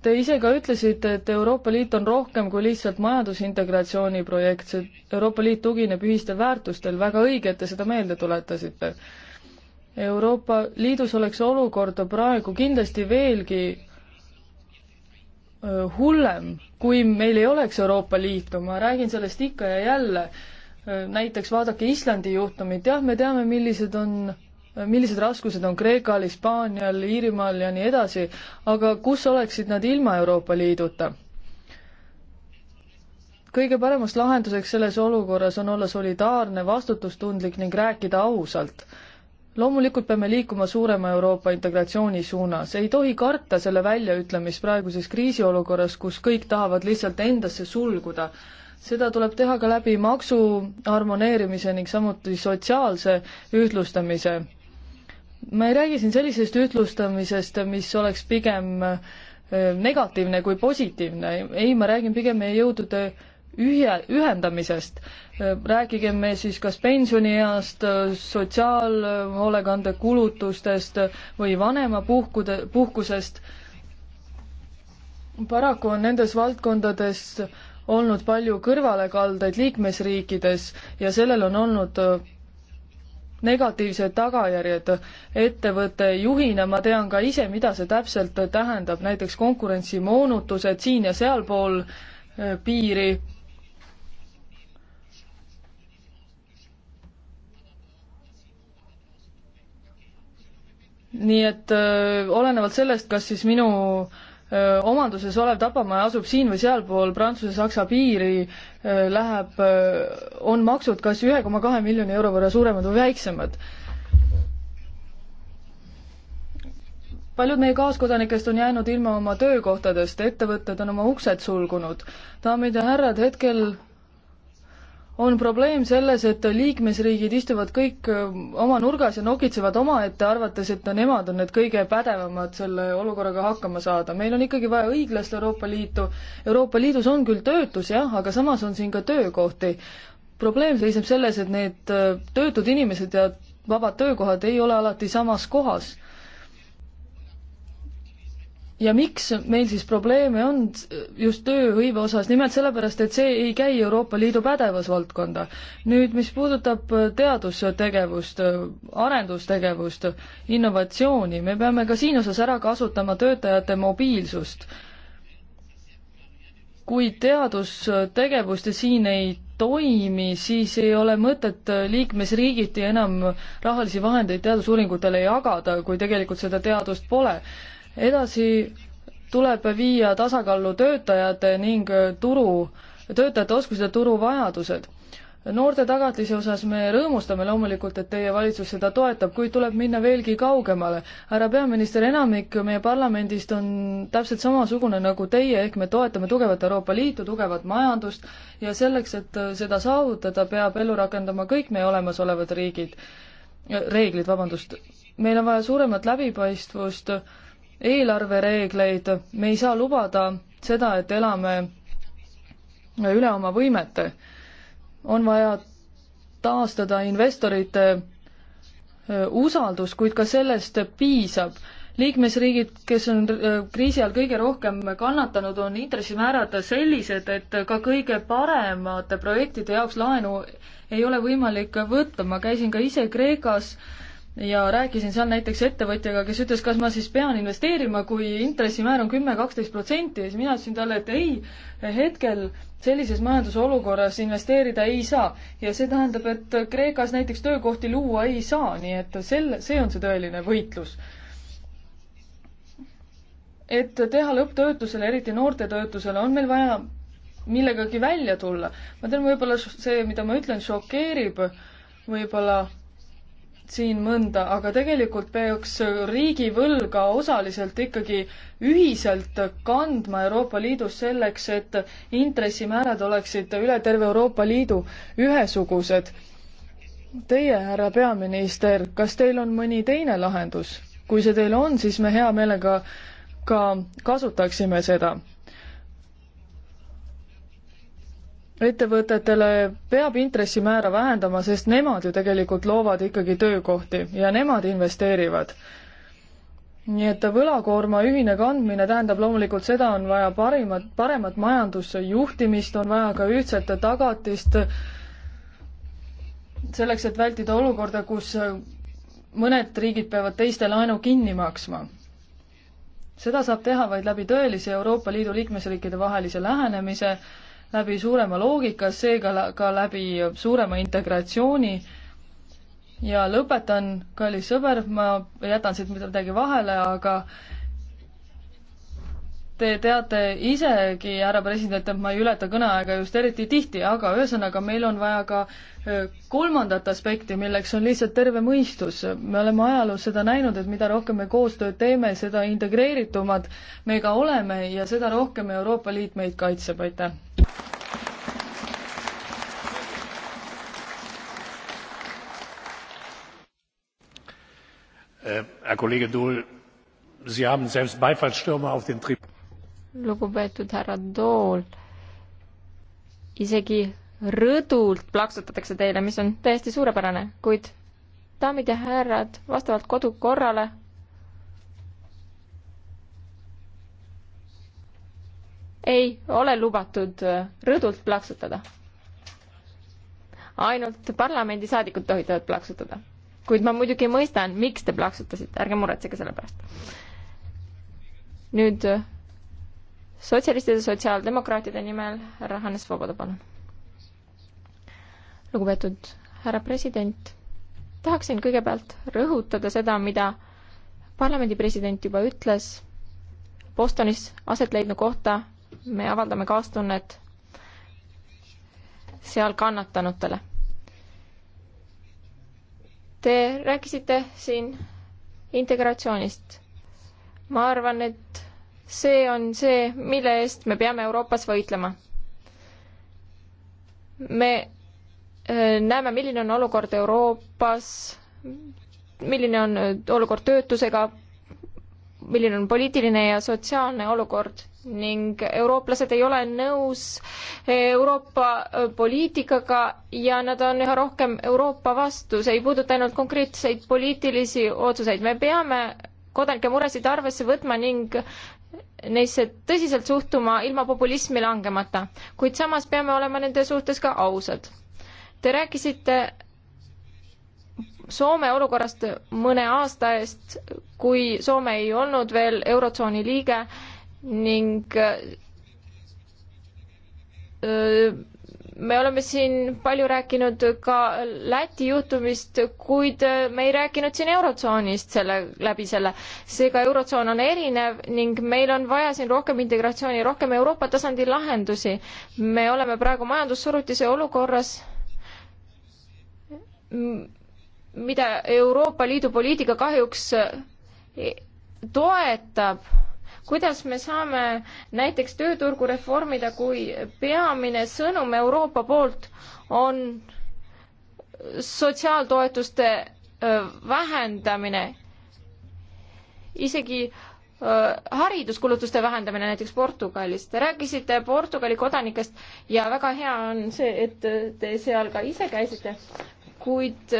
Te ise ka ütlesite, et Euroopa Liit on rohkem kui lihtsalt majandusintegratsiooni projekt, see Euroopa Liit tugineb ühistel väärtustel, väga õige, et te seda meelde tuletasite. Euroopa Liidus oleks olukord praegu kindlasti veelgi hullem, kui meil ei oleks Euroopa Liitu, ma räägin sellest ikka ja jälle. näiteks vaadake Islandi juhtumit, jah, me teame, millised on, millised raskused on Kreekal, Hispaanial, Iirimaal ja nii edasi, aga kus oleksid nad ilma Euroopa Liiduta? kõige paremaks lahenduseks selles olukorras on olla solidaarne, vastutustundlik ning rääkida ausalt loomulikult peame liikuma suurema Euroopa integratsiooni suunas, ei tohi karta selle väljaütlemist praeguses kriisiolukorras, kus kõik tahavad lihtsalt endasse sulguda. seda tuleb teha ka läbi maksu harmoneerimise ning samuti sotsiaalse ühtlustamise. ma ei räägi siin sellisest ühtlustamisest, mis oleks pigem eh, negatiivne kui positiivne, ei, ma räägin pigem meie jõudude ühe, ühendamisest. rääkige me siis kas pensionieast, sotsiaalhoolekande kulutustest või vanemapuhkude, puhkusest. paraku on nendes valdkondades olnud palju kõrvalekaldeid liikmesriikides ja sellel on olnud negatiivsed tagajärjed ettevõtte juhina, ma tean ka ise, mida see täpselt tähendab, näiteks konkurentsimoonutused siin ja sealpool eh, piiri nii et öö, äh, olenevalt sellest, kas siis minu öö, äh, omanduses olev tapamaja asub siin või sealpool Prantsuse-Saksa piiri, äh, läheb, on maksud kas ühe koma kahe miljoni euro võrra suuremad või väiksemad. paljud meie kaaskodanikest on jäänud ilma oma töökohtadest, ettevõtted on oma uksed sulgunud. daamid ja härrad, hetkel on probleem selles, et liikmesriigid istuvad kõik äh, oma nurgas ja nokitsevad omaette, arvates, et nemad on need kõige pädevamad selle olukorraga hakkama saada. meil on ikkagi vaja õiglast Euroopa Liitu. Euroopa Liidus on küll töötus jah, aga samas on siin ka töökohti. probleem seisneb selles, et need äh, töötud inimesed ja vabad töökohad ei ole alati samas kohas ja miks meil siis probleeme on just tööhõive osas, nimelt sellepärast, et see ei käi Euroopa Liidu pädevusvaldkonda. nüüd, mis puudutab teadustegevust, arendustegevust, innovatsiooni, me peame ka siin osas ära kasutama töötajate mobiilsust. kui teadustegevust siin ei toimi, siis ei ole mõtet liikmesriigiti enam rahalisi vahendeid teadusuuringutele jagada, kui tegelikult seda teadust pole edasi tuleb viia tasakaallu töötajate ning turu, töötajate oskused ja turu vajadused. noorte tagatise osas me rõõmustame loomulikult, et teie valitsus seda toetab, kuid tuleb minna veelgi kaugemale. härra peaminister, enamik meie parlamendist on täpselt samasugune nagu teie, ehk me toetame tugevat Euroopa Liitu, tugevat majandust ja selleks, et seda saavutada, peab ellu rakendama kõik meie olemasolevad riigid, reeglid, vabandust. meil on vaja suuremat läbipaistvust äh, eelarvereegleid, me ei saa lubada seda, et elame üle oma võimete. on vaja taastada investorite usaldus, kuid ka sellest piisab. liikmesriigid, kes on kriisi ajal kõige rohkem kannatanud, on intressimäärad sellised, et ka kõige paremate projektide jaoks laenu ei ole võimalik võtta. ma käisin ka ise Kreekas äh, ja rääkisin seal näiteks ettevõtjaga, kes ütles, kas ma siis pean investeerima, kui intressimäär on kümme, kaksteist protsenti ja siis mina ütlesin talle, et ei, hetkel sellises majandusolukorras investeerida ei saa. ja see tähendab, et Kreekas näiteks töökohti luua ei saa, nii et selle, see on see tõeline võitlus. et teha lõpp töötusele, eriti noorte töötusele, on meil vaja millegagi välja tulla. ma tean, võib-olla see, mida ma ütlen, šokeerib võib-olla siin mõnda, aga tegelikult peaks riigivõlga osaliselt ikkagi ühiselt kandma Euroopa Liidus selleks, et intressimäärad oleksid üle terve Euroopa Liidu ühesugused. Teie, härra peaminister, kas teil on mõni teine lahendus? kui see teil on, siis me hea meelega ka kasutaksime seda ettevõtetele peab intressimäära vähendama, sest nemad ju tegelikult loovad ikkagi töökohti ja nemad investeerivad. nii et võlakoorma ühine kandmine tähendab loomulikult seda, on vaja parimat, paremat majandusjuhtimist, on vaja ka ühtset tagatist selleks, et vältida olukorda, kus mõned riigid peavad teiste laenu kinni maksma. seda saab teha vaid läbi tõelise Euroopa Liidu liikmesriikide vahelise lähenemise, läbi suurema loogika, seega ka läbi suurema integratsiooni. ja lõpetan, kallis sõber, ma jätan siit midagi vahele, aga Te teate isegi, härra president, et ma ei ületa kõneaega just eriti tihti, aga ühesõnaga, meil on vaja ka kolmandat aspekti, milleks on lihtsalt terve mõistus. me oleme ajaloos seda näinud, et mida rohkem me koostööd teeme, seda integreeritumad me ka oleme ja seda rohkem Euroopa Liit meid kaitseb, aitäh! Äh, herr kollege daul sie haben selbst beifallstürme auf den tribünen lugupeetud härra Tool, isegi rõdult plaksutatakse teile, mis on täiesti suurepärane, kuid daamid ja härrad, vastavalt kodukorrale ei ole lubatud rõdult plaksutada. ainult parlamendisaadikud tohivad plaksutada. kuid ma muidugi mõistan, miks te plaksutasite, ärge muretsege selle pärast. nüüd sotsialistide, sotsiaaldemokraatide nimel härra Hannes Voboda, palun. lugupeetud härra president, tahaksin kõigepealt rõhutada seda, mida parlamendi president juba ütles Bostonis aset leidnud kohta, me avaldame kaastunnet seal kannatanutele. Te rääkisite siin integratsioonist. ma arvan, et see on see, mille eest me peame Euroopas võitlema. me äh, näeme, milline on olukord Euroopas, milline on äh, olukord töötusega, milline on poliitiline ja sotsiaalne olukord ning eurooplased ei ole nõus äh, Euroopa poliitikaga ja nad on üha rohkem Euroopa vastu, see ei puuduta ainult konkreetseid poliitilisi otsuseid, me peame kodanike muresid arvesse võtma ning neisse tõsiselt suhtuma ilma populismi langemata, kuid samas peame olema nende suhtes ka ausad. Te rääkisite Soome olukorrast mõne aasta eest, kui Soome ei olnud veel Eurotsooni liige ning öö, me oleme siin palju rääkinud ka Läti juhtumist, kuid me ei rääkinud siin Eurotsoonist selle, läbi selle. seega Eurotsoon on erinev ning meil on vaja siin rohkem integratsiooni, rohkem Euroopa tasandil lahendusi. me oleme praegu majandussurutise olukorras, mida Euroopa Liidu poliitika kahjuks toetab kuidas me saame näiteks tööturgu reformida, kui peamine sõnum Euroopa poolt on sotsiaaltoetuste vähendamine, isegi hariduskulutuste vähendamine näiteks Portugalis. Te rääkisite Portugali kodanikest ja väga hea on see, et te seal ka ise käisite, kuid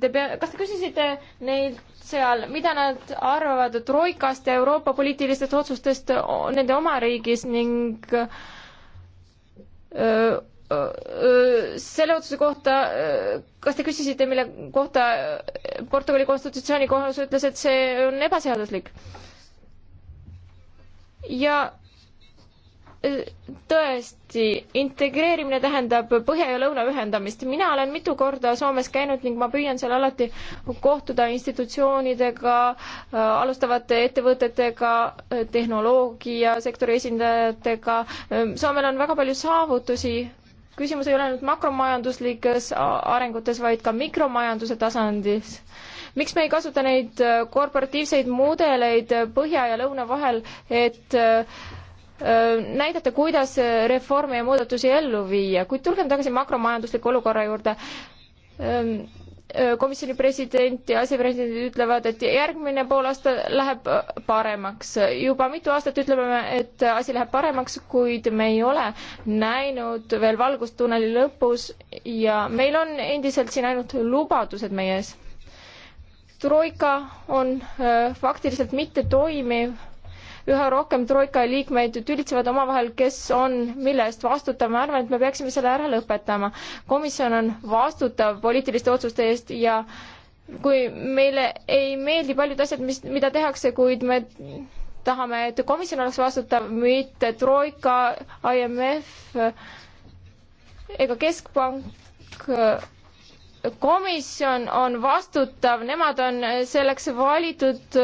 te pea-, kas te küsisite neilt seal, mida nad arvavad Troikast ja Euroopa poliitilistest otsustest nende oma riigis ning öö, öö, selle otsuse kohta, kas te küsisite, mille kohta Portugali konstitutsioonikohus ütles, et see on ebaseaduslik? ja tõesti, integreerimine tähendab põhja ja lõuna ühendamist. mina olen mitu korda Soomes käinud ning ma püüan seal alati kohtuda institutsioonidega, äh, alustavate ettevõtetega, äh, tehnoloogiasektori esindajatega. Äh, Soomel on väga palju saavutusi. küsimus ei ole ainult makromajanduslikes arengutes, vaid ka mikromajanduse tasandis miks me ei kasuta neid korporatiivseid mudeleid põhja ja lõuna vahel, et äh, näidata, kuidas reforme ja muudatusi ellu viia, kuid tulgem tagasi makromajandusliku olukorra juurde komisjoni president ja asepresidendid ütlevad, et järgmine poolaasta läheb paremaks. juba mitu aastat ütleme me, et asi läheb paremaks, kuid me ei ole näinud veel valgust tunneli lõpus ja meil on endiselt siin ainult lubadused meie ees. troika on faktiliselt mittetoimiv üha rohkem troika liikmeid tülitsevad omavahel, kes on mille eest vastutav, ma arvan, et me peaksime selle ära lõpetama. komisjon on vastutav poliitiliste otsuste eest ja kui meile ei meeldi paljud asjad, mis, mida tehakse, kuid me tahame, et komisjon oleks vastutav, mitte Troika, IMF ega Keskpank. komisjon on vastutav, nemad on selleks valitud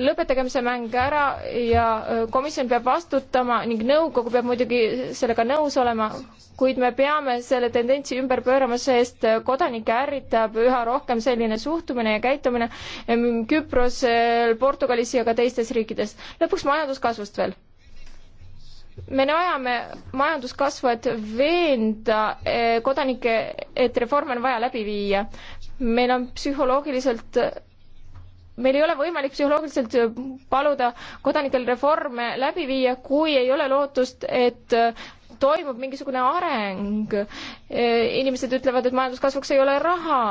lõpetagem see mäng ära ja komisjon peab vastutama ning nõukogu peab muidugi sellega nõus olema, kuid me peame selle tendentsi ümberpööramise eest, kodanikke ärritab üha rohkem selline suhtumine ja käitumine Küprosel, Portugalis ja ka teistes riikides. lõpuks majanduskasvust veel me vajame majanduskasvu, et veenda e, kodanikke, et reforme on vaja läbi viia. meil on psühholoogiliselt meil ei ole võimalik psühholoogiliselt äh, paluda kodanikel reforme läbi viia, kui ei ole lootust, et äh, toimub mingisugune areng. Äh, inimesed ütlevad, et majanduskasvuks ei ole raha.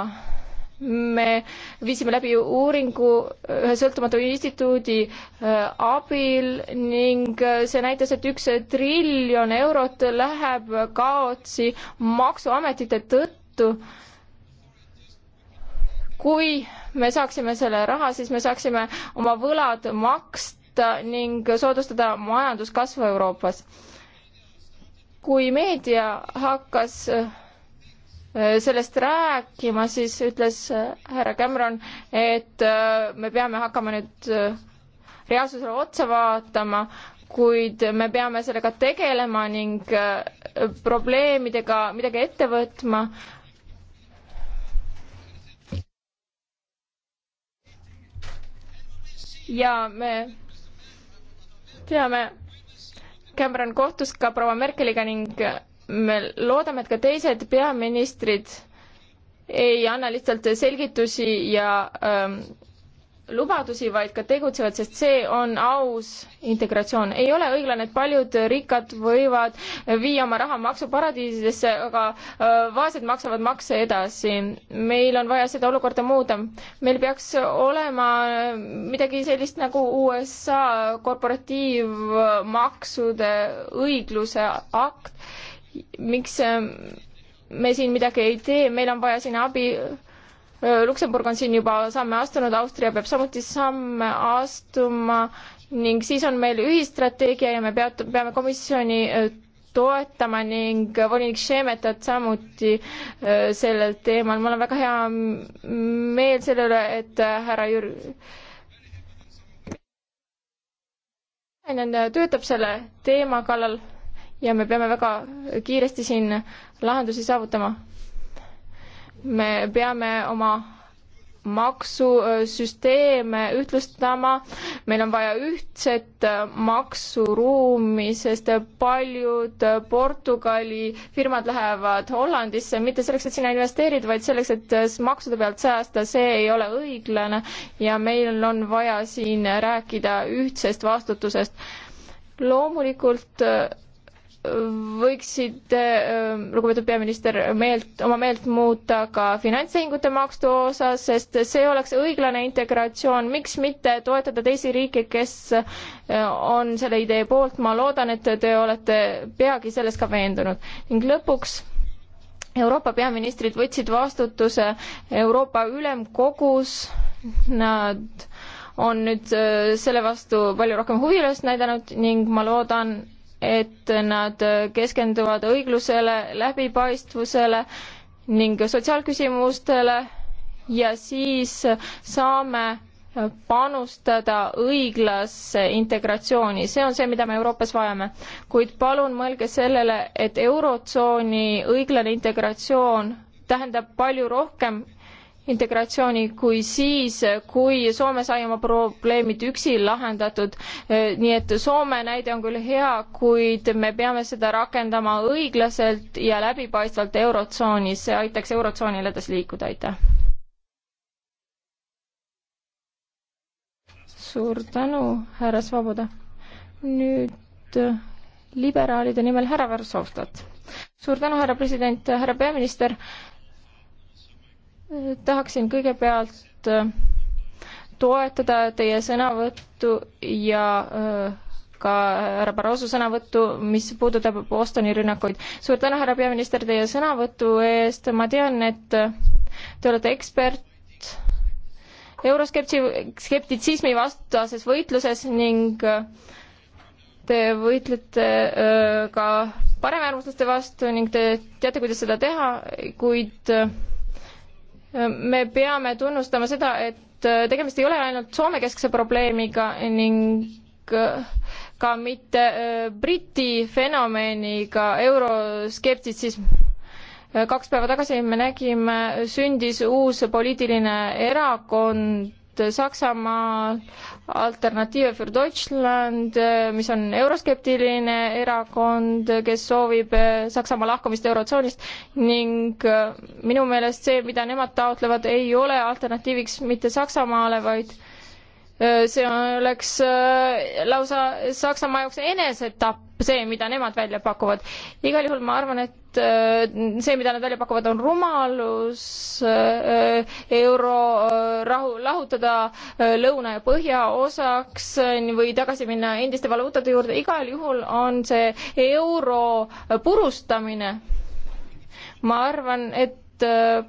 me viisime läbi uuringu ühe sõltumatu instituudi abil ning see näitas, et üks triljon eurot läheb kaotsi maksuametite tõttu kui me saaksime selle raha, siis me saaksime oma võlad maksta ning soodustada majanduskasvu Euroopas. kui meedia hakkas äh, sellest rääkima, siis ütles äh, härra Cameron, et äh, me peame hakkama nüüd reaalsusele otsa vaatama, kuid me peame sellega tegelema ning probleemidega midagi ette võtma. ja me teame, Cameron kohtus ka proua Merkeliga ning me loodame, et ka teised peaministrid ei anna lihtsalt selgitusi ja ähm, lubadusi, vaid ka tegutsevad, sest see on aus integratsioon. ei ole õiglane, et paljud rikkad võivad viia oma raha maksuparadiisidesse, aga äh, vaesed maksavad makse edasi. meil on vaja seda olukorda muuta. meil peaks olema äh, midagi sellist nagu USA korporatiivmaksude õigluse akt. miks äh, me siin midagi ei tee, meil on vaja siin abi Äh, Luksemburg on siin juba samme astunud, Austria peab samuti samme astuma ning siis on meil ühistrateegia ja me peat-, peame komisjoni äh, toetama ning volinik Šemetat samuti äh, sellel teemal. mul on väga hea meel selle üle, et härra Jür-, töötab selle teema kallal ja me peame väga kiiresti siin lahendusi saavutama me peame oma maksusüsteeme ühtlustama, meil on vaja ühtset maksuruumi, sest paljud Portugali firmad lähevad Hollandisse mitte selleks, et sinna investeerida, vaid selleks, et maksude pealt säästa, see ei ole õiglane ja meil on vaja siin rääkida ühtsest vastutusest. loomulikult võiksite, ähm, lugupeetud peaminister, meelt, oma meelt muuta ka finantstehingute maksu osas, sest see oleks õiglane integratsioon, miks mitte toetada teisi riike, kes äh, on selle idee poolt, ma loodan, et te olete peagi selles ka veendunud. ning lõpuks Euroopa peaministrid võtsid vastutuse Euroopa Ülemkogus, nad on nüüd äh, selle vastu palju rohkem huvi üles näidanud ning ma loodan, et nad keskenduvad õiglusele, läbipaistvusele ning sotsiaalküsimustele ja siis saame panustada õiglasse integratsiooni, see on see, mida me Euroopas vajame. kuid palun mõelge sellele, et Eurotsooni õiglane integratsioon tähendab palju rohkem integratsiooni kui siis, kui Soome sai oma probleemid üksi lahendatud. nii et Soome näide on küll hea, kuid me peame seda rakendama õiglaselt ja läbipaistvalt Eurotsoonis, see aitaks Eurotsoonil edasi liikuda, aitäh. suur tänu, härra Svoboda. nüüd liberaalide nimel härra Varsovtat. suur tänu, härra president, härra peaminister tahaksin kõigepealt äh, toetada teie sõnavõttu ja äh, ka härra Barroso sõnavõttu, mis puudutab Bostoni rünnakuid. suur tänu, härra peaminister, teie sõnavõtu eest, ma tean, et äh, te olete ekspert euroskeptitsismi vastases võitluses ning te võitlete ka paremäärmuslaste vastu ning te teate, kuidas seda teha, kuid me peame tunnustama seda, et äh, tegemist ei ole ainult Soome-keskse probleemiga ning äh, ka mitte äh, Briti fenomeniga euroskeptitsism. kaks päeva tagasi me nägime, sündis uus poliitiline erakond Saksamaal, Alternative für Deutschland, äh, mis on euroskeptiline erakond, kes soovib äh, Saksamaa lahkumist Eurotsoonist ning äh, minu meelest see, mida nemad taotlevad, ei ole alternatiiviks mitte Saksamaale, vaid Äh, see oleks äh, lausa Saksamaa jaoks enesetapp, see, mida nemad välja pakuvad. igal juhul ma arvan, et äh, see, mida nad välja pakuvad, on rumalus euro rahu, lahutada lõuna ja põhja osaks või tagasi minna endiste valuutade juurde, igal juhul on see euro purustamine. ma arvan, et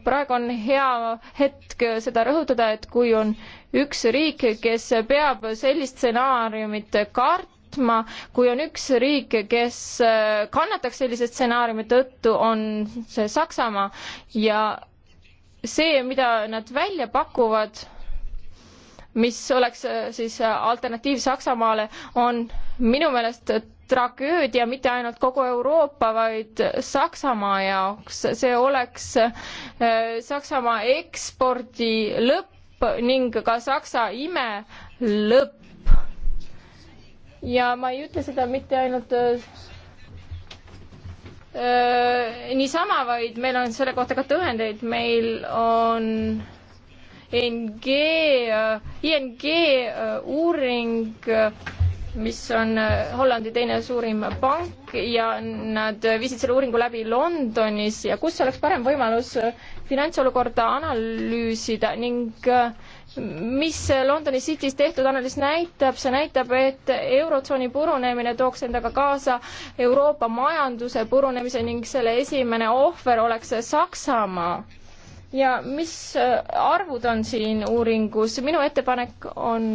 praegu on hea hetk seda rõhutada, et kui on äh, üks riik, kes peab sellist stsenaariumit kartma, kui on üks riik, kes äh, kannataks sellise stsenaariumi tõttu, on see Saksamaa ja see, mida nad välja pakuvad, mis oleks äh, siis äh, alternatiiv Saksamaale, on minu meelest tragöödia mitte ainult kogu Euroopa, vaid Saksamaa jaoks. see oleks Saksamaa ekspordi lõpp lõpp ning ka Saksa ime lõpp. ja ma ei ütle seda mitte ainult äh, äh, niisama, vaid meil on selle kohta ka tõendeid, meil on ING, äh, ING uuring, mis on Hollandi teine suurim pank ja nad viisid selle uuringu läbi Londonis ja kus oleks parem võimalus finantsolukorda analüüsida ning äh, mis Londoni City's tehtud analüüs näitab, see näitab, et Eurotsooni purunemine tooks endaga kaasa Euroopa majanduse purunemise ning selle esimene ohver oleks Saksamaa. ja mis äh, arvud on siin uuringus, minu ettepanek on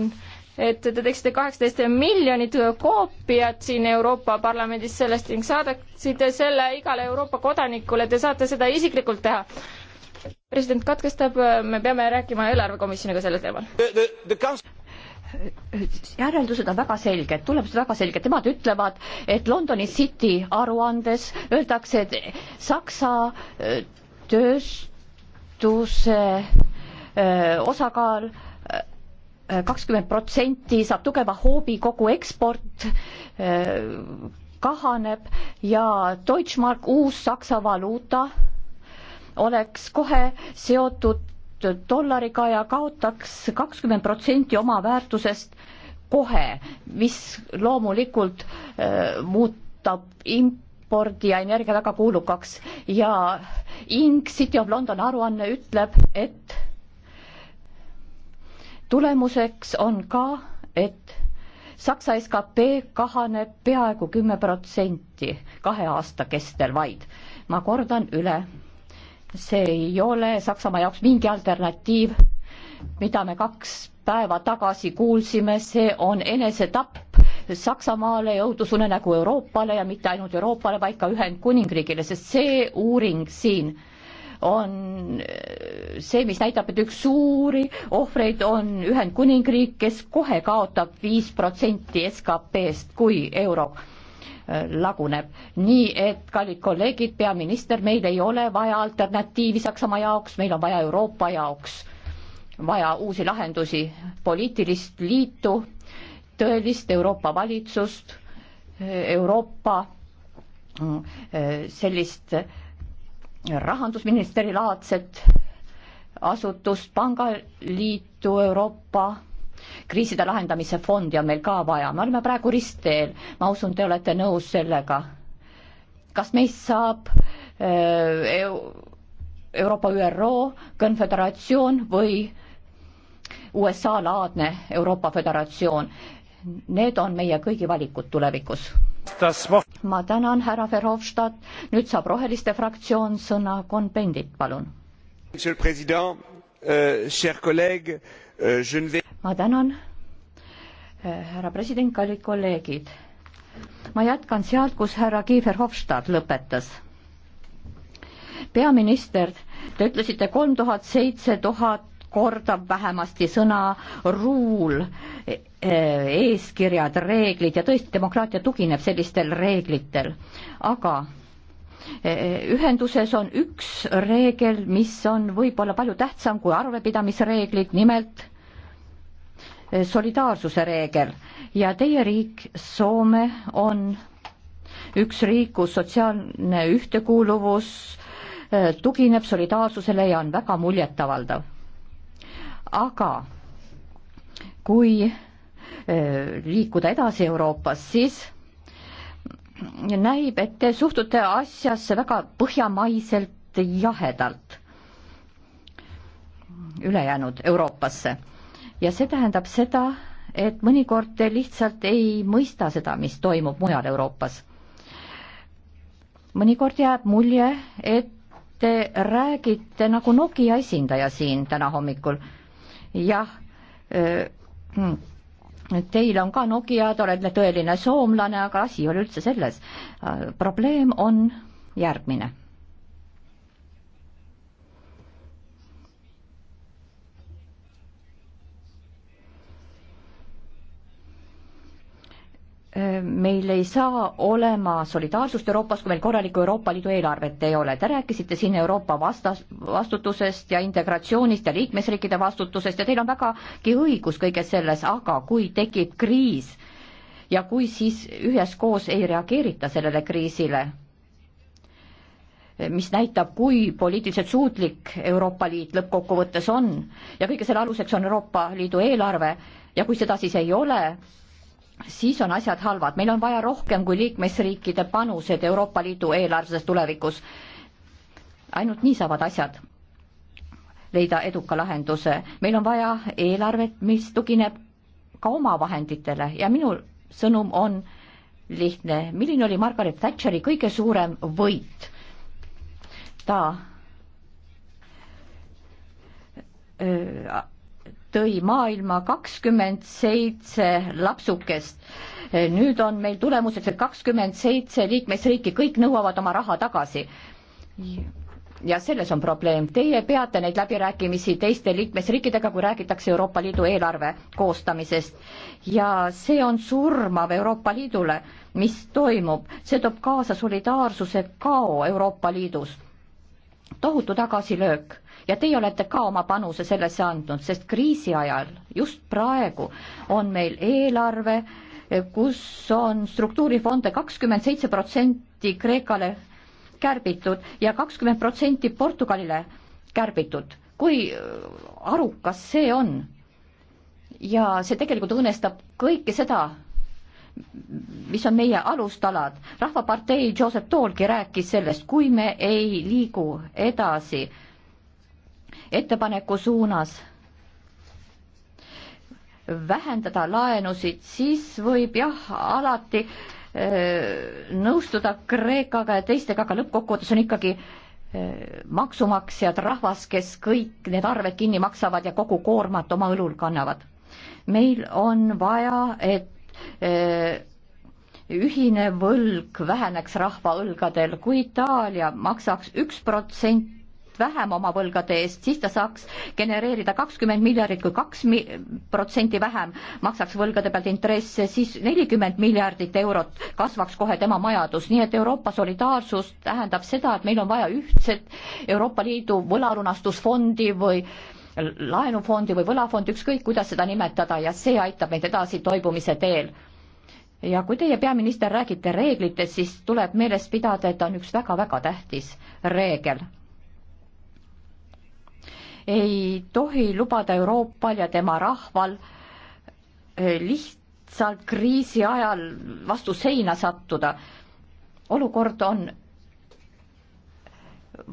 et te teeksite kaheksateist miljonit koopiat siin Euroopa Parlamendis sellest ning saadaksite selle igale Euroopa kodanikule, te saate seda isiklikult teha president katkestab, me peame rääkima eelarvekomisjoniga sellel teemal järeldused on väga selged, tulemused väga selged, nemad ütlevad, et Londoni City aruandes öeldakse, et Saksa äh, tööstuse äh, osakaal äh, kakskümmend protsenti saab tugeva hoobi, kogu eksport kahaneb ja Deutschmark, uus Saksa valuuta oleks kohe seotud dollariga ja kaotaks kakskümmend protsenti oma väärtusest kohe, mis loomulikult äh, muutab impordi ja energia väga kuulukaks ja Ing City of London aruanne ütleb, et tulemuseks on ka, et Saksa skp kahaneb peaaegu kümme protsenti kahe aasta kestel vaid. ma kordan üle see ei ole Saksamaa jaoks mingi alternatiiv, mida me kaks päeva tagasi kuulsime, see on enesetapp Saksamaale ja õudusunenägu Euroopale ja mitte ainult Euroopale, vaid ka Ühendkuningriigile, sest see uuring siin on see, mis näitab, et üks suuri ohvreid on Ühendkuningriik, kes kohe kaotab viis protsenti SKP-st, kui euro Äh, laguneb. nii et, kallid kolleegid, peaminister, meil ei ole vaja alternatiivi Saksamaa jaoks, meil on vaja Euroopa jaoks vaja uusi lahendusi, poliitilist liitu, tõelist Euroopa valitsust, Euroopa äh, sellist rahandusministeri laadset asutust, pangaliitu, Euroopa kriiside lahendamise fondi on meil ka vaja, me oleme praegu ristteel, ma usun, te olete nõus sellega. kas meist saab äh, EU, Euroopa ÜRO konföderatsioon või USA-laadne Euroopa Föderatsioon? Need on meie kõigi valikud tulevikus ma tänan, härra Verhofstadt, nüüd saab Roheliste fraktsioon sõna, konvendit, palun ma tänan, eh, härra president, kallid kolleegid. ma jätkan sealt, kus härra Kiefer Hofstad lõpetas. peaminister, te ütlesite kolm tuhat seitse tuhat kordab vähemasti sõna ruul, eh, eeskirjad, reeglid ja tõesti, demokraatia tugineb sellistel reeglitel, aga eh, ühenduses on üks reegel, mis on võib-olla palju tähtsam kui arvepidamisreeglid, nimelt solidaarsuse reegel ja teie riik Soome on üks riik, kus sotsiaalne ühtekuuluvus äh, tugineb solidaarsusele ja on väga muljetavaldav. aga kui äh, liikuda edasi Euroopas, siis näib, et te suhtute asjasse väga põhjamaiselt jahedalt ülejäänud Euroopasse ja see tähendab seda, et mõnikord te lihtsalt ei mõista seda, mis toimub mujal Euroopas. mõnikord jääb mulje, et te räägite nagu Nokia esindaja siin täna hommikul. jah, äh, teil on ka Nokia, te olete tõeline soomlane, aga asi ei ole üldse selles. Äh, probleem on järgmine meil ei saa olema solidaarsust Euroopas, kui meil korralikku Euroopa Liidu eelarvet ei ole. Te rääkisite siin Euroopa vastas, vastutusest ja integratsioonist ja liikmesriikide vastutusest ja teil on vägagi õigus kõiges selles, aga kui tekib kriis ja kui siis üheskoos ei reageerita sellele kriisile, mis näitab, kui poliitiliselt suutlik Euroopa Liit lõppkokkuvõttes on ja kõige selle aluseks on Euroopa Liidu eelarve ja kui seda siis ei ole, siis on asjad halvad, meil on vaja rohkem kui liikmesriikide panused Euroopa Liidu eelarves tulevikus. ainult nii saavad asjad leida eduka lahenduse. meil on vaja eelarvet, mis tugineb ka omavahenditele ja minu sõnum on lihtne. milline oli Margaret Thatcheri kõige suurem võit? ta öö, tõi maailma kakskümmend seitse lapsukest. nüüd on meil tulemuseks, et kakskümmend seitse liikmesriiki, kõik nõuavad oma raha tagasi. ja selles on probleem. Teie peate neid läbirääkimisi teiste liikmesriikidega, kui räägitakse Euroopa Liidu eelarve koostamisest. ja see on surmav Euroopa Liidule, mis toimub. see toob kaasa solidaarsuse kao Euroopa Liidus. tohutu tagasilöök ja teie olete ka oma panuse sellesse andnud, sest kriisi ajal, just praegu, on meil eelarve, kus on struktuurifonde kakskümmend seitse protsenti Kreekale kärbitud ja kakskümmend protsenti Portugalile kärbitud. kui äh, arukas see on? ja see tegelikult õõnestab kõike seda, mis on meie alustalad. rahvapartei Joseph Toolgi rääkis sellest, kui me ei liigu edasi äh, ettepaneku suunas vähendada laenusid, siis võib jah, alati öö, äh, nõustuda Kreekaga ja teistega, aga lõppkokkuvõttes on ikkagi äh, maksumaksjad, rahvas, kes kõik need arved kinni maksavad ja kogu koormat oma õlul kannavad. meil on vaja, et öö, äh, ühine võlg väheneks rahva õlgadel, kui Itaalia maksaks üks protsent eurot vähem oma võlgade eest, siis ta saaks genereerida kakskümmend miljardit kui, kui kaks protsenti vähem maksaks võlgade pealt intresse, siis nelikümmend miljardit eurot kasvaks kohe tema majandus, nii et Euroopa solidaarsus tähendab seda, et meil on vaja ühtset Euroopa Liidu võlalunastusfondi või laenufondi või võlafondi, ükskõik kuidas seda nimetada ja see aitab meid edasi toibumise teel ja kui teie peaminister räägite reeglitest, siis tuleb meeles pidada, et on üks väga-väga tähtis reegel ei tohi lubada Euroopal ja tema rahval eh, lihtsalt kriisi ajal vastu seina sattuda. olukord on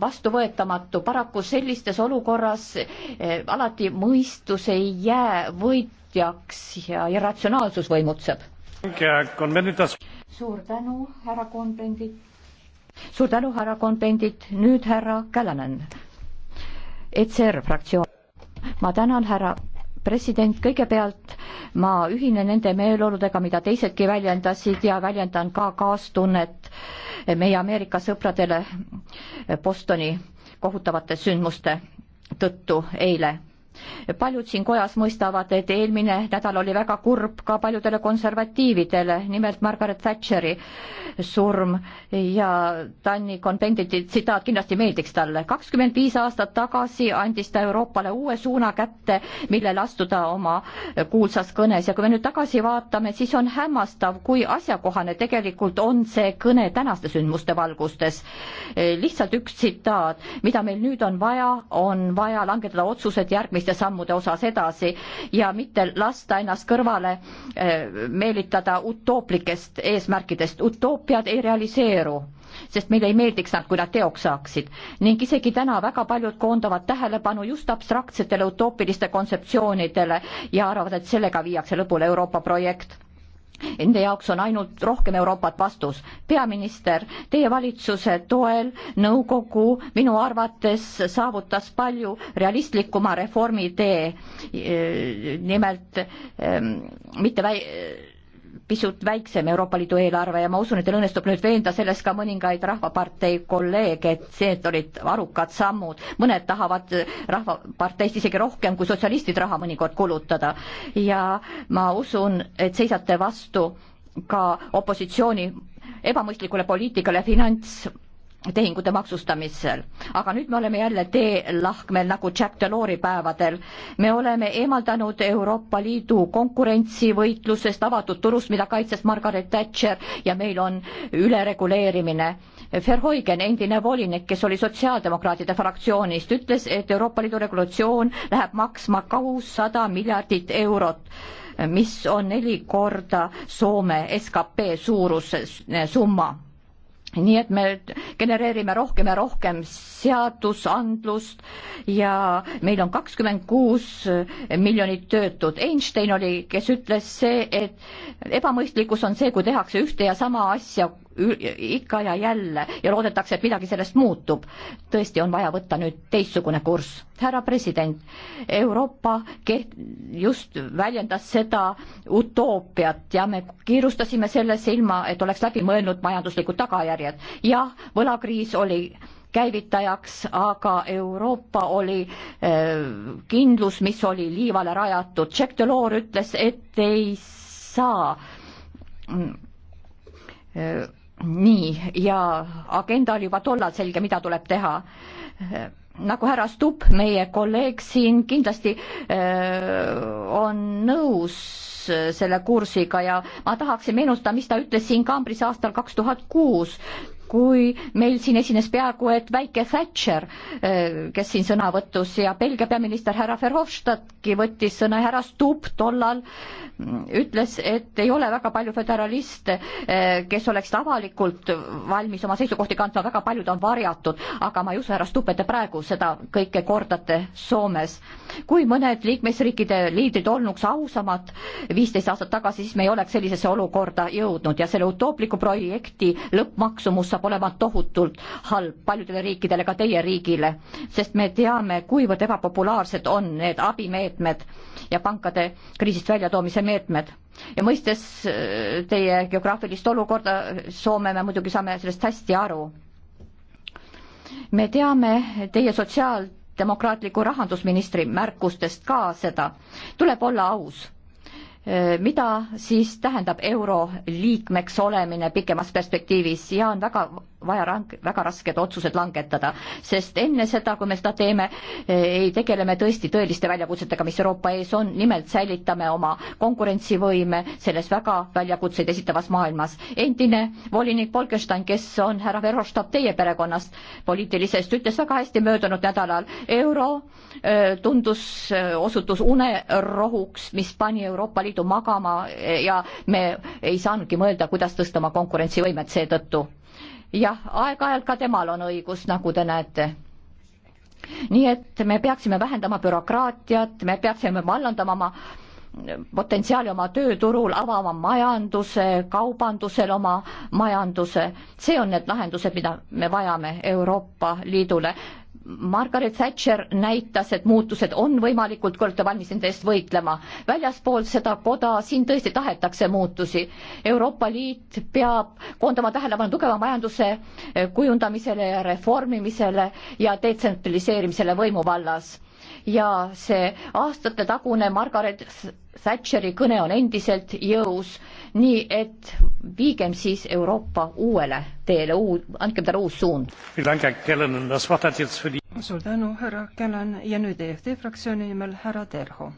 vastuvõetamatu, paraku sellistes olukorras eh, alati mõistus ei jää võitjaks ja irratsionaalsus võimutseb. suur tänu, härra konvendit. suur tänu, härra konvendit, nüüd härra Kälanen ECR fraktsioon. ma tänan, härra president, kõigepealt ma ühinen nende meeleoludega, mida teisedki väljendasid ja väljendan ka kaastunnet meie Ameerika sõpradele Bostoni kohutavate sündmuste tõttu eile paljud siin kojas mõistavad, et eelmine nädal oli väga kurb ka paljudele konservatiividele, nimelt Margaret Thatcheri surm ja Tanni konvenditi tsitaat kindlasti meeldiks talle. kakskümmend viis aastat tagasi andis ta Euroopale uue suuna kätte, millele astuda oma kuulsas kõnes ja kui me nüüd tagasi vaatame, siis on hämmastav, kui asjakohane tegelikult on see kõne tänaste sündmuste valgustes. lihtsalt üks tsitaat, mida meil nüüd on vaja, on vaja langetada otsused järgmistes uute sammude osas edasi ja mitte lasta ennast kõrvale eh, meelitada utooplikest eesmärkidest. utoopiad ei realiseeru sest meile ei meeldiks nad, kui nad teoks saaksid. ning isegi täna väga paljud koondavad tähelepanu just abstraktsetele utoopiliste kontseptsioonidele ja arvavad, et sellega viiakse lõpule Euroopa projekt. Nende jaoks on ainult rohkem Euroopat vastus. peaminister, teie valitsuse toel nõukogu minu arvates saavutas palju realistlikuma reformi tee. Äh, nimelt ähm, mitte väi-, pisut väiksem Euroopa Liidu eelarve ja ma usun, et teil õnnestub nüüd veenda selles ka mõningaid Rahvapartei kolleege, et need olid arukad sammud, mõned tahavad Rahvaparteist isegi rohkem kui sotsialistid raha mõnikord kulutada ja ma usun, et seisate vastu ka opositsiooni ebamõistlikule poliitikale finants tehingute maksustamisel. aga nüüd me oleme jälle teelahkmel nagu Jack Delori päevadel. me oleme eemaldanud Euroopa Liidu konkurentsivõitlusest, avatud turust, mida kaitses Margaret Thatcher ja meil on ülereguleerimine. Verhoigen, endine volinik, kes oli sotsiaaldemokraatide fraktsioonist, ütles, et Euroopa Liidu regulatsioon läheb maksma kuussada miljardit eurot mis on neli korda Soome skp suurus eh, summa nii et me genereerime rohkem ja rohkem seadusandlust ja meil on kakskümmend kuus miljonit töötut. Einstein oli, kes ütles see, et ebamõistlikkus on see, kui tehakse ühte ja sama asja ikka ja jälle ja loodetakse, et midagi sellest muutub. tõesti on vaja võtta nüüd teistsugune kurss. härra president, Euroopa keht-, just väljendas seda utoopiat ja me kiirustasime sellesse ilma, et oleks läbi mõelnud majanduslikud tagajärjed. jah, võlakriis oli käivitajaks, aga Euroopa oli äh, kindlus, mis oli liivale rajatud. Jack Delors ütles, et ei saa mm, äh, nii, ja agenda oli juba tollal selge, mida tuleb teha. nagu härra Stubb, meie kolleeg siin kindlasti öö, äh, on nõus äh, selle kursiga ja ma tahaksin meenutada, mis ta ütles siin Kambris aastal kaks tuhat kuus kui meil siin esines peaaegu et väike Thatcher, eh, kes siin sõna võttus ja Belgia peaminister härra Verhofstadtki võttis sõna ja härra Stubb tollal mm, ütles, et ei ole väga palju föderaliste, eh, kes oleksid avalikult valmis oma seisukohti kandma, väga paljud on varjatud, aga ma ei usu, härra Stubb, et te praegu seda kõike kordate Soomes. kui mõned liikmesriikide liidrid olnuks ausamad viisteist aastat tagasi, siis me ei oleks sellisesse olukorda jõudnud ja selle utoopiliku projekti lõppmaksumus saab saab olema tohutult halb paljudele riikidele, ka teie riigile, sest me teame, kuivõrd ebapopulaarsed on need abimeetmed ja pankade kriisist väljatoomise meetmed. ja mõistes äh, teie geograafilist olukorda, Soome me muidugi saame sellest hästi aru. me teame teie sotsiaal- demokraatliku rahandusministri märkustest ka seda, tuleb olla aus Eh, mida siis tähendab euro liikmeks olemine pikemas perspektiivis ja on väga vaja rank-, väga rasked otsused langetada, sest enne seda, kui me seda teeme, eh, ei tegele me tõesti tõeliste väljakutsetega, mis Euroopa ees on, nimelt säilitame oma konkurentsivõime selles väga väljakutseid esitavas maailmas. endine volinik Bolkestein, kes on härra Verhofstadt teie perekonnast poliitilisest, ütles väga hästi möödunud nädalal, euro eh, tundus, eh, osutus unerohuks, mis pani Euroopa Liidu magama ja me ei saanudki mõelda, kuidas tõsta oma konkurentsivõimet seetõttu jah, aeg-ajalt ka temal on õigus, nagu te näete. nii et me peaksime vähendama bürokraatiat, me peaksime vallandama oma potentsiaali oma tööturul, avama majanduse, kaubandusel oma majanduse, see on need lahendused, mida me vajame Euroopa Liidule Margaret Thatcher näitas, et muutused on võimalikud, kui olete valmis nende eest võitlema. väljaspool seda koda, siin tõesti tahetakse muutusi. Euroopa Liit peab koondama tähelepanu tugeva majanduse eh, kujundamisele ja reformimisele ja detsentraliseerimisele võimu vallas ja see aastatetagune Margaret Thatcheri kõne on endiselt jõus, nii et viigem siis Euroopa uuele teele, uu-, andkem talle uus suund. suur tänu, härra Kenan ja nüüd EFD fraktsiooni nimel härra Terho.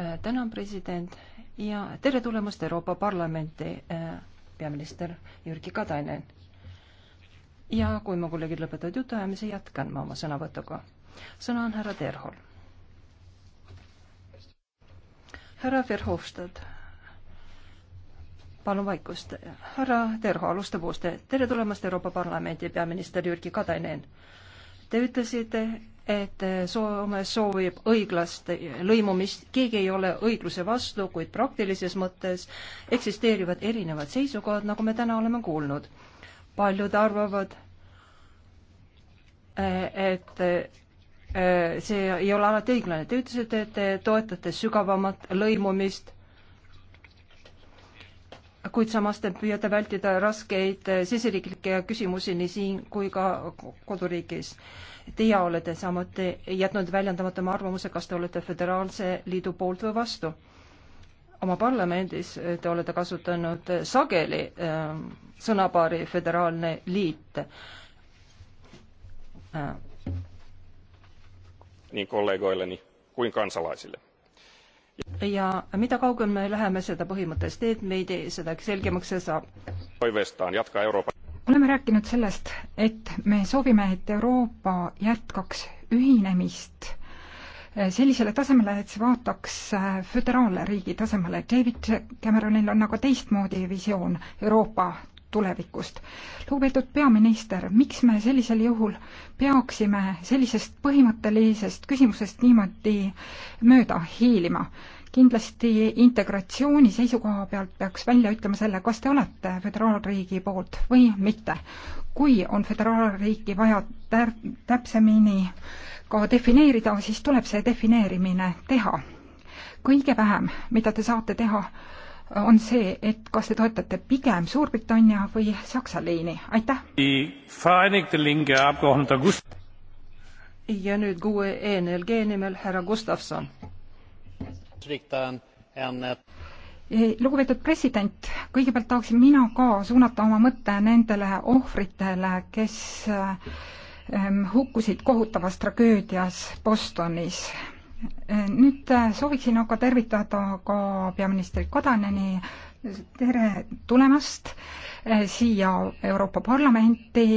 Äh, tänan, president ja tere tulemast Euroopa Parlamenti, äh, peaminister Jyrki Katainen ja kui mu kolleegid lõpetavad jutuajamise, jätkan ma oma sõnavõtuga. sõna on härra Terhol. härra Verhofstadt, palun vaikust. härra Terho alustab uust. tere tulemast Euroopa Parlamendi peaminister Jyrki Katainen. Te ütlesite, et Soome soovib õiglast lõimumist, keegi ei ole õigluse vastu, kuid praktilises mõttes eksisteerivad erinevad seisukohad, nagu me täna oleme kuulnud paljud arvavad, et see ei ole alati õiglane. Te ütlesite, et te toetate sügavamat lõimumist, kuid samas te püüate vältida raskeid siseriiklikke küsimusi nii siin kui ka koduriigis. Teie olete samuti jätnud väljendamata oma arvamuse, kas te olete föderaalse liidu poolt või vastu oma parlamendis te olete kasutanud sageli ähm, sõnapaari föderaalne liit. Äh. nii kolleegoileni kui kansalaisile. ja mida kaugem me läheme seda põhimõttest teed meid, seda selgemaks see saab. oleme rääkinud sellest, et me soovime, et Euroopa jätkaks ühinemist Eh, sellisele tasemele, et see vaataks eh, föderaalriigi tasemele. David Cameronil on aga nagu teistmoodi visioon Euroopa tulevikust. lugupeetud peaminister, miks me sellisel juhul peaksime sellisest põhimõttelisest küsimusest niimoodi mööda hiilima? kindlasti integratsiooni seisukoha pealt peaks välja ütlema selle, kas te olete föderaalriigi poolt või mitte. kui on föderaalriiki vaja tär-, täpsemini ka defineerida, siis tuleb see defineerimine teha. kõige vähem, mida te saate teha, on see, et kas te toetate pigem Suurbritannia või Saksa liini, aitäh! ja nüüd kuue ENLG nimel härra Gustavson Eh, lugupeetud president, kõigepealt tahaksin mina ka suunata oma mõtte nendele ohvritele, kes eh, ehm, hukkusid kohutavas tragöödias Bostonis. Eh, nüüd sooviksin aga tervitada ka peaminister Kadaneni, tere tulemast siia Euroopa Parlamenti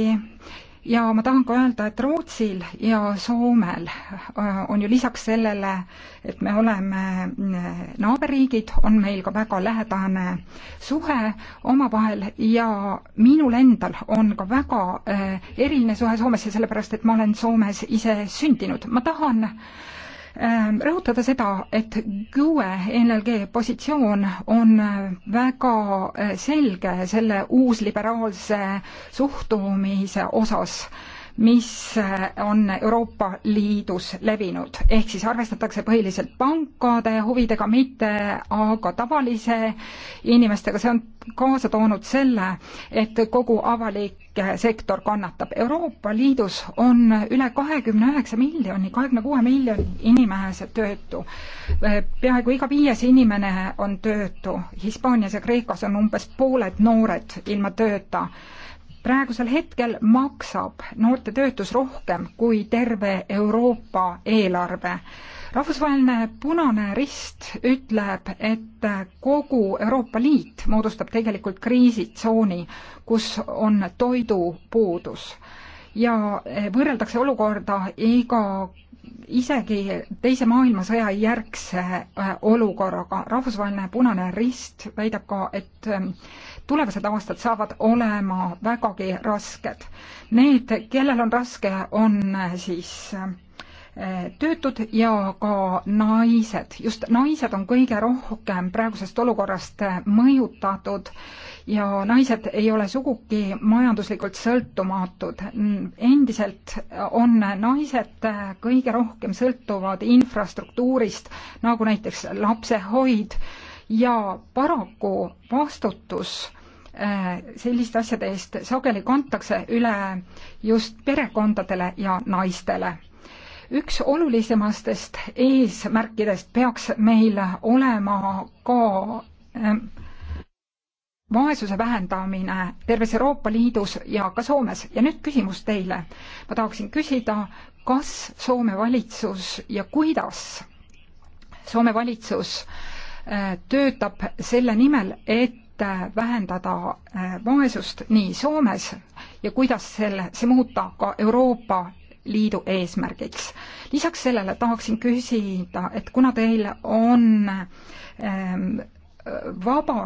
ja ma tahan ka öelda, et Rootsil ja Soomel äh, on ju lisaks sellele, et me oleme äh, naaberriigid, on meil ka väga lähedane suhe omavahel ja minul endal on ka väga äh, eriline suhe Soomesse, sellepärast et ma olen Soomes ise sündinud. ma tahan äh, Ehm, rõhutada seda, et GUE NLG positsioon on äh, väga äh, selge selle uusliberaalse suhtumise osas, mis äh, on Euroopa Liidus levinud, ehk siis arvestatakse põhiliselt pankade huvidega, mitte aga tavalise inimestega, see on kaasa toonud selle, et kogu avalik sektor kannatab. Euroopa Liidus on üle kahekümne üheksa miljoni, kahekümne kuue miljoni inimese töötu. peaaegu iga viies inimene on töötu. Hispaanias ja Kreekas on umbes pooled noored ilma tööta. praegusel hetkel maksab noorte töötus rohkem kui terve Euroopa eelarve rahvusvaheline Punane Rist ütleb, et kogu Euroopa Liit moodustab tegelikult kriisitsooni, kus on toidupuudus ja võrreldakse olukorda iga isegi Teise maailmasõja järgse äh, olukorraga. rahvusvaheline Punane Rist väidab ka, et ähm, tulevased aastad saavad olema vägagi rasked. Need, kellel on raske, on äh, siis äh, töötud ja ka naised. just naised on kõige rohkem praegusest olukorrast äh, mõjutatud ja naised ei ole sugugi majanduslikult sõltumatud. Mm, endiselt on naised äh, kõige rohkem sõltuvad infrastruktuurist, nagu näiteks lapsehoid ja paraku vastutus äh, selliste asjade eest sageli kantakse üle just perekondadele ja naistele üks olulisematest eesmärkidest peaks meil olema ka ähm, vaesuse vähendamine terves Euroopa Liidus ja ka Soomes. ja nüüd küsimus teile. ma tahaksin küsida, kas Soome valitsus ja kuidas Soome valitsus äh, töötab selle nimel, et äh, vähendada äh, vaesust nii Soomes ja kuidas selle, see muuta ka Euroopa Liidu eesmärgiks. lisaks sellele tahaksin küsida, et kuna teil on ähm, vaba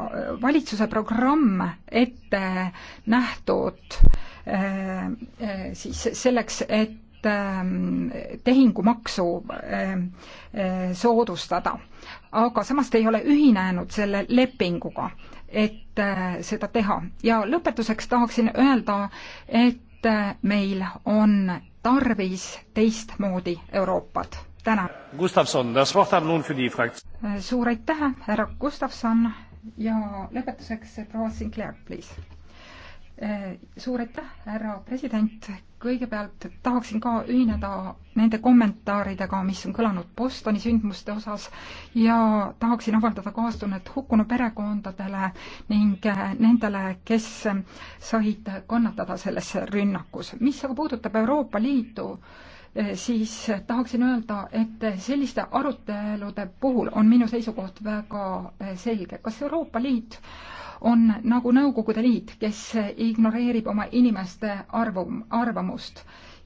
valitsuse programm ette nähtud ähm, äh, siis selleks, et ähm, tehingumaksu ähm, äh, soodustada. aga samas te ei ole ühinenud selle lepinguga, et äh, seda teha. ja lõpetuseks tahaksin öelda, et meil on tarvis teistmoodi Euroopat. tänan! suur aitäh, härra Gustavson ja lõpetuseks proua Sinclair, please. suur aitäh, härra president, kõigepealt tahaksin ka ühineda nende kommentaaridega, mis on kõlanud Bostoni sündmuste osas ja tahaksin avaldada kaastunnet hukkunu perekondadele ning nendele, kes said kannatada selles rünnakus. mis aga puudutab Euroopa Liitu, eh, siis tahaksin öelda, et selliste arutelude puhul on minu seisukoht väga eh, selge. kas Euroopa Liit on nagu Nõukogude Liit, kes ignoreerib oma inimeste arvu, arvamust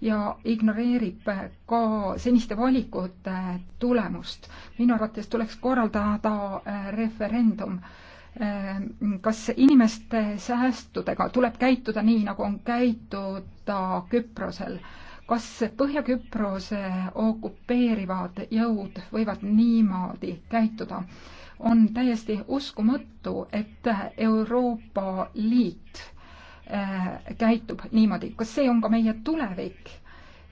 ja ignoreerib ka seniste valikute tulemust. minu arvates tuleks korraldada äh, referendum. Äh, kas inimeste säästudega tuleb käituda nii, nagu on käituda Küprosel? kas Põhja-Küprose okupeerivad jõud võivad niimoodi käituda? on täiesti uskumatu, et Euroopa Liit äh, käitub niimoodi. kas see on ka meie tulevik?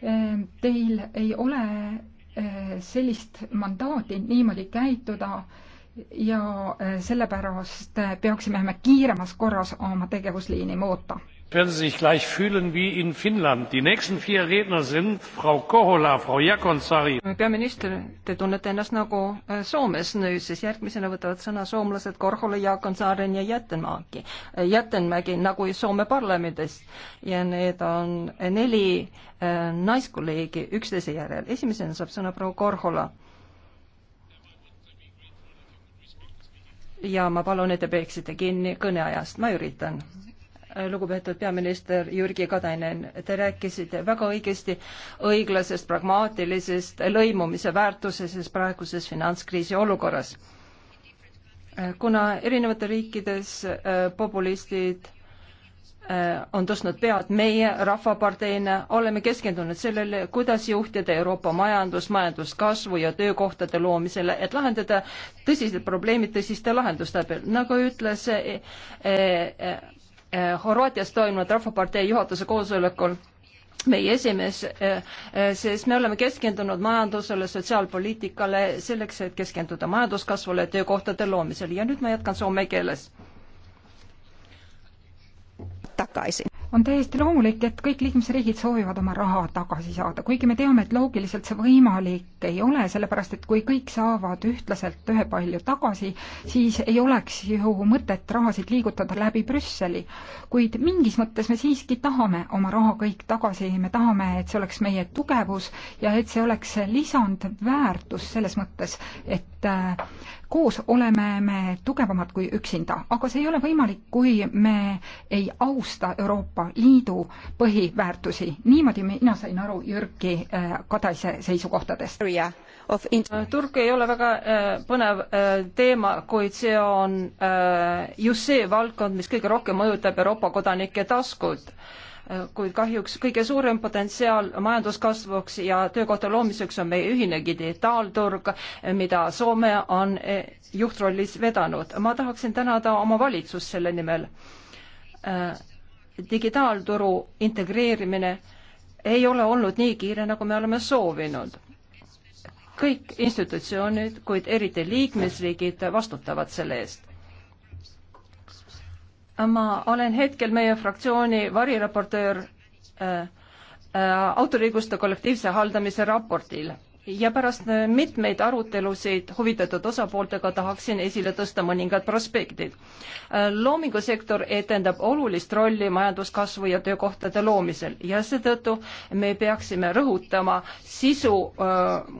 Äh, teil ei ole äh, sellist mandaati niimoodi käituda ja sellepärast peaksime me kiiremas korras oma tegevusliini muuta werden sie sich gleich fühlen wie in Finnland. Die nächsten vier Redner sind Frau Kohola, Frau Jaakonsaari. Äh, peaminister, te tunnete ennast nagu äh, Soomes nüüd, siis järgmisena võtavad sõna soomlased Korhola, Jaakonsaaren ja Jättenmaaki, Jättenmägi äh, nagu Soome parlamendis ja need on neli äh, naiskolleegi üksteise järel. esimesena saab sõna proua Korhola. ja ma palun, et te peaksite kinni kõneajast, ma üritan lugupeetud peaminister Jürgi Katainen, te rääkisite väga õigesti õiglasest, pragmaatilisest lõimumise väärtusest praeguses finantskriisi olukorras. kuna erinevates riikides äh, populistid äh, on tõstnud pead meie Rahvaparteina, oleme keskendunud sellele, kuidas juhtida Euroopa majandus, majanduskasvu ja töökohtade loomisele, et lahendada tõsised probleemid tõsiste lahenduste abil, nagu ütles eh, eh, Äh, Horvaatias toimunud Rahvapartei juhatuse koosolekul meie esimees, äh, äh, sest me oleme keskendunud majandusele, sotsiaalpoliitikale, selleks, et keskenduda majanduskasvule, töökohtade loomisele ja nüüd ma jätkan soome keeles. tagasi on täiesti loomulik, et kõik liikmesriigid soovivad oma raha tagasi saada, kuigi me teame, et loogiliselt see võimalik ei ole, sellepärast et kui kõik saavad ühtlaselt ühepalju tagasi, siis ei oleks ju mõtet rahasid liigutada läbi Brüsseli. kuid mingis mõttes me siiski tahame oma raha kõik tagasi, me tahame, et see oleks meie tugevus ja et see oleks lisandväärtus selles mõttes, et äh, koos oleme me tugevamad kui üksinda, aga see ei ole võimalik, kui me ei austa Euroopa Liidu põhiväärtusi. niimoodi mina sain aru Jürki äh, Kadaise seisukohtadest. Äh, turg ei ole väga äh, põnev teema, kuid see on just see valdkond, mis kõige rohkem mõjutab Euroopa kodanike taskut kuid kahjuks kõige suurem potentsiaal majanduskasvuks ja töökohta loomiseks on meie ühine digitaalturg, mida Soome on eh, juhtrollis vedanud. ma tahaksin tänada oma valitsust selle nimel. Eh, digitaalturu integreerimine ei ole olnud nii kiire, nagu me oleme soovinud kõik institutsioonid, kuid eriti liikmesriigid vastutavad selle eest ma olen hetkel meie fraktsiooni variraportöör äh, äh, autoriõiguste kollektiivse haldamise raportil ja pärast äh, mitmeid arutelusid huvitatud osapooltega tahaksin esile tõsta mõningad prospektid. Äh, loomingusektor etendab olulist rolli majanduskasvu ja töökohtade loomisel ja seetõttu me peaksime rõhutama sisu äh,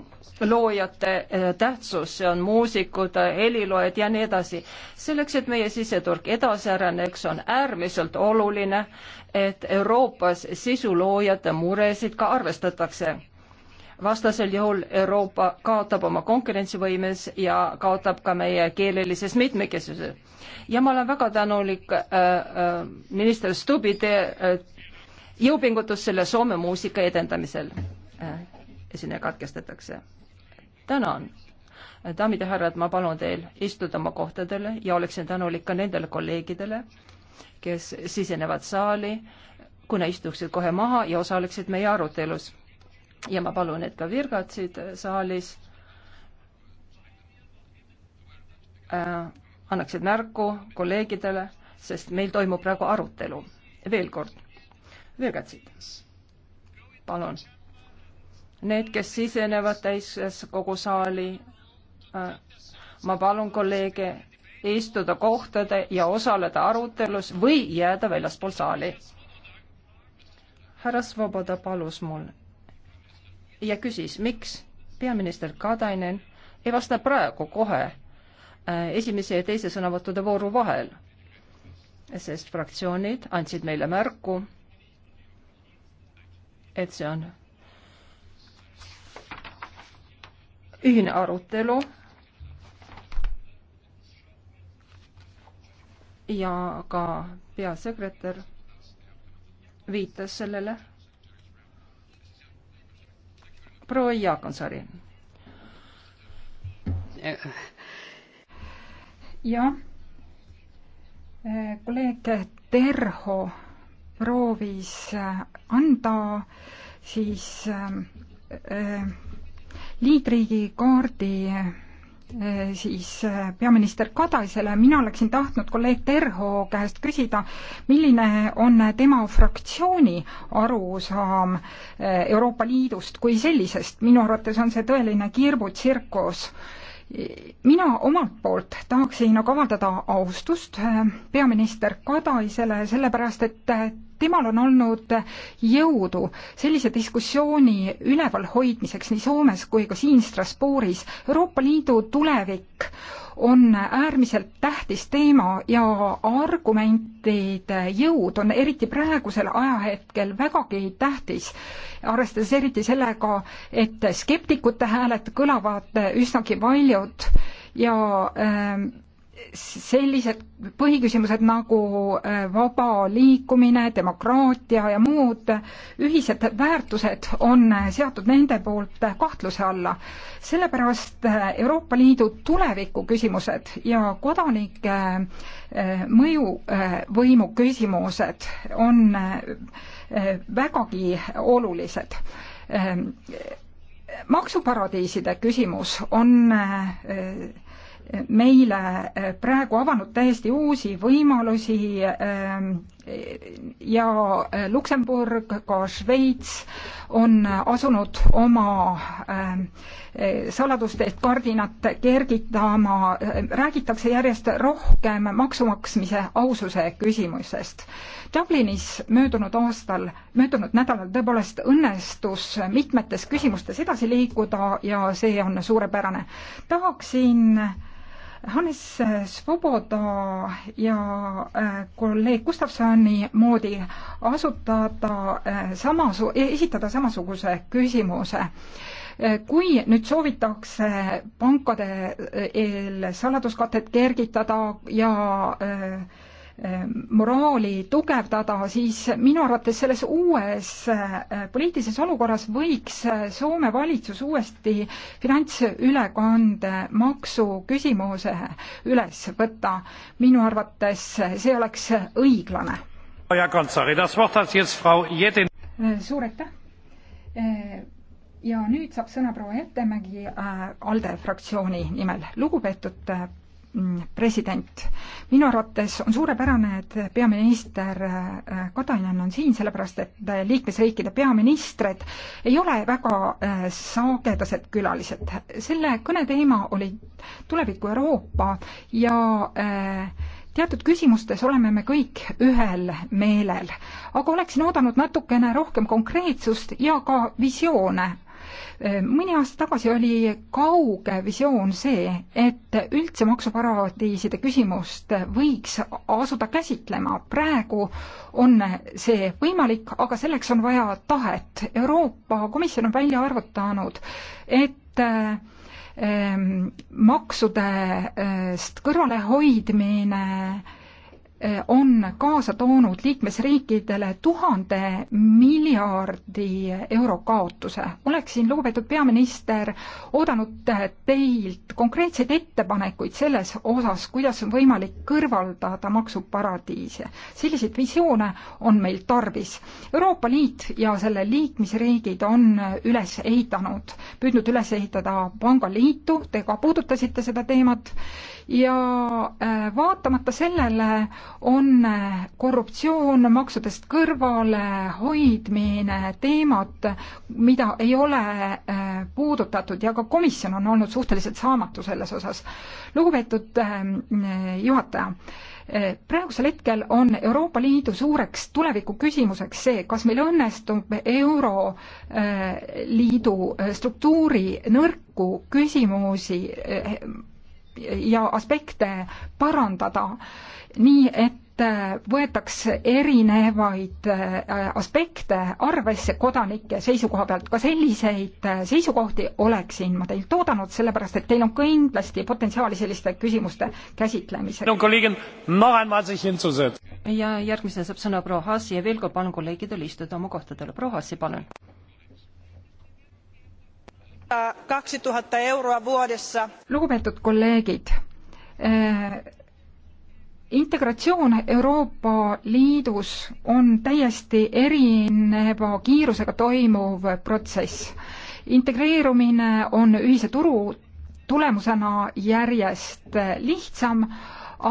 loojate tähtsus, see on muusikud, heliloojad ja nii edasi. selleks, et meie siseturg edasi areneks, on äärmiselt oluline, et Euroopas sisuloojate muresid ka arvestatakse vastasel juhul Euroopa kaotab oma konkurentsivõimes ja kaotab ka meie keelelises mitmekesisuses. ja ma olen väga tänulik äh, äh, minister Stubbi tee äh, jõupingutus selle Soome muusika edendamisel äh,. esineja katkestatakse. tänan. daamid ja härrad, ma palun teil istuda oma kohtadele ja oleksin tänulik ka nendele kolleegidele, kes sisenevad saali, kuna istuksid kohe maha ja osaleksid meie arutelus ja ma palun, et ka virgatsid äh, saalis äh, annaksid märku kolleegidele, sest meil toimub praegu arutelu. veel kord, virgatsid, palun. Need, kes sisenevad täiskogu saali äh,, ma palun kolleege istuda kohtade ja osaleda arutelus või jääda väljaspool saali. härra Svoboda palus mul ja küsis, miks peaminister Katainen ei vasta praegu kohe äh, esimese ja teise sõnavõttude vooru vahel, sest fraktsioonid andsid meile märku, et see on ühine arutelu ja ka peasekretär viitas sellele proua Jaakonsaari. jah, kolleeg Terho proovis äh, anda siis äh, äh liitriigi kaardi äh, Äh, siis äh, peaminister Kadaisele, mina oleksin tahtnud kolleeg Terho käest küsida, milline on tema fraktsiooni arusaam äh, Euroopa Liidust kui sellisest, minu arvates on see tõeline kirbutsirkus mina omalt poolt tahaksin nagu avaldada austust peaminister Kadaisele, sellepärast et temal on olnud jõudu sellise diskussiooni üleval hoidmiseks nii Soomes kui ka siin Strasbourgis. Euroopa Liidu tulevik on äärmiselt tähtis teema ja argumentide jõud on eriti praegusel ajahetkel vägagi tähtis, arvestades eriti sellega, et skeptikute hääled kõlavad üsnagi paljud ja äh, sellised põhiküsimused nagu äh, vaba liikumine, demokraatia ja muud ühised väärtused on seatud nende poolt kahtluse alla. sellepärast äh, Euroopa Liidu tuleviku küsimused ja kodanike äh, mõjuvõimu küsimused on vägagi olulised ähm, maksuparadiiside küsimus on meile eh, praegu avanud täiesti uusi võimalusi eh, ja eh, Luksemburg, ka Šveits on asunud oma saladustest kardinat kergitama, räägitakse järjest rohkem maksumaksmise aususe küsimusest. Dublinis möödunud aastal, möödunud nädalal tõepoolest õnnestus mitmetes küsimustes edasi liikuda ja see on suurepärane. tahaksin Hannes Svoboda ja äh, kolleeg Gustavsoni moodi asutada äh, samas, e-, esitada samasuguse küsimuse äh, kui nüüd soovitakse pankade eel saladuskatet kergitada ja äh, Ehm, moraali tugevdada, siis minu arvates selles uues eh, poliitilises olukorras võiks eh, Soome valitsus uuesti finantsülekande maksu küsimuse üles võtta. minu arvates see oleks õiglane. Eh, suur aitäh! ja nüüd saab sõna proua Ettemägi ALDE fraktsiooni nimel. lugupeetud Mm, president. minu arvates on suurepärane, et peaminister äh, Katainen on siin, sellepärast et äh, liikmesriikide peaministrid ei ole väga äh, sagedased külalised. selle kõne teema oli tuleviku Euroopa ja teatud küsimustes oleme me kõik ühel meelel, aga oleksin oodanud natukene rohkem konkreetsust ja ka visioone mõni aasta tagasi oli kauge visioon see, et üldse maksuparadiiside küsimust võiks asuda käsitlema. praegu on see võimalik, aga selleks on vaja tahet. Euroopa Komisjon on välja arvutanud, et ähm, maksudest äh, kõrvalehoidmine on kaasa toonud liikmesriikidele tuhande miljardi euro kaotuse. oleksin, lugupeetud peaminister, oodanud teilt konkreetseid ettepanekuid selles osas, kuidas on võimalik kõrvaldada maksuparadiise. selliseid visioone on meil tarvis. Euroopa Liit ja selle liikmesriigid on üles ehitanud, püüdnud üles ehitada pangaliitu, te ka puudutasite seda teemat, ja äh, vaatamata sellele on korruptsioon, maksudest kõrvalehoidmine, teemad, mida ei ole äh, puudutatud ja ka komisjon on olnud suhteliselt saamatu selles osas. lugupeetud äh, juhataja, äh, praegusel hetkel on Euroopa Liidu suureks tulevikuküsimuseks see, kas meil õnnestub Euroliidu struktuuri nõrku küsimusi ja aspekte parandada nii et äh, võetaks erinevaid äh, aspekte arvesse kodanike seisukoha pealt. ka selliseid äh, seisukohti oleksin ma teilt oodanud, sellepärast et teil on kindlasti potentsiaali selliste küsimuste käsitlemisel. ja järgmisena saab sõna proua Haasi ja veel kord palun kolleegidel istuda oma kohtadele. proua Haasi, palun. lugupeetud kolleegid integratsioon Euroopa Liidus on täiesti erineva kiirusega toimuv protsess. integreerumine on ühise turu tulemusena järjest lihtsam,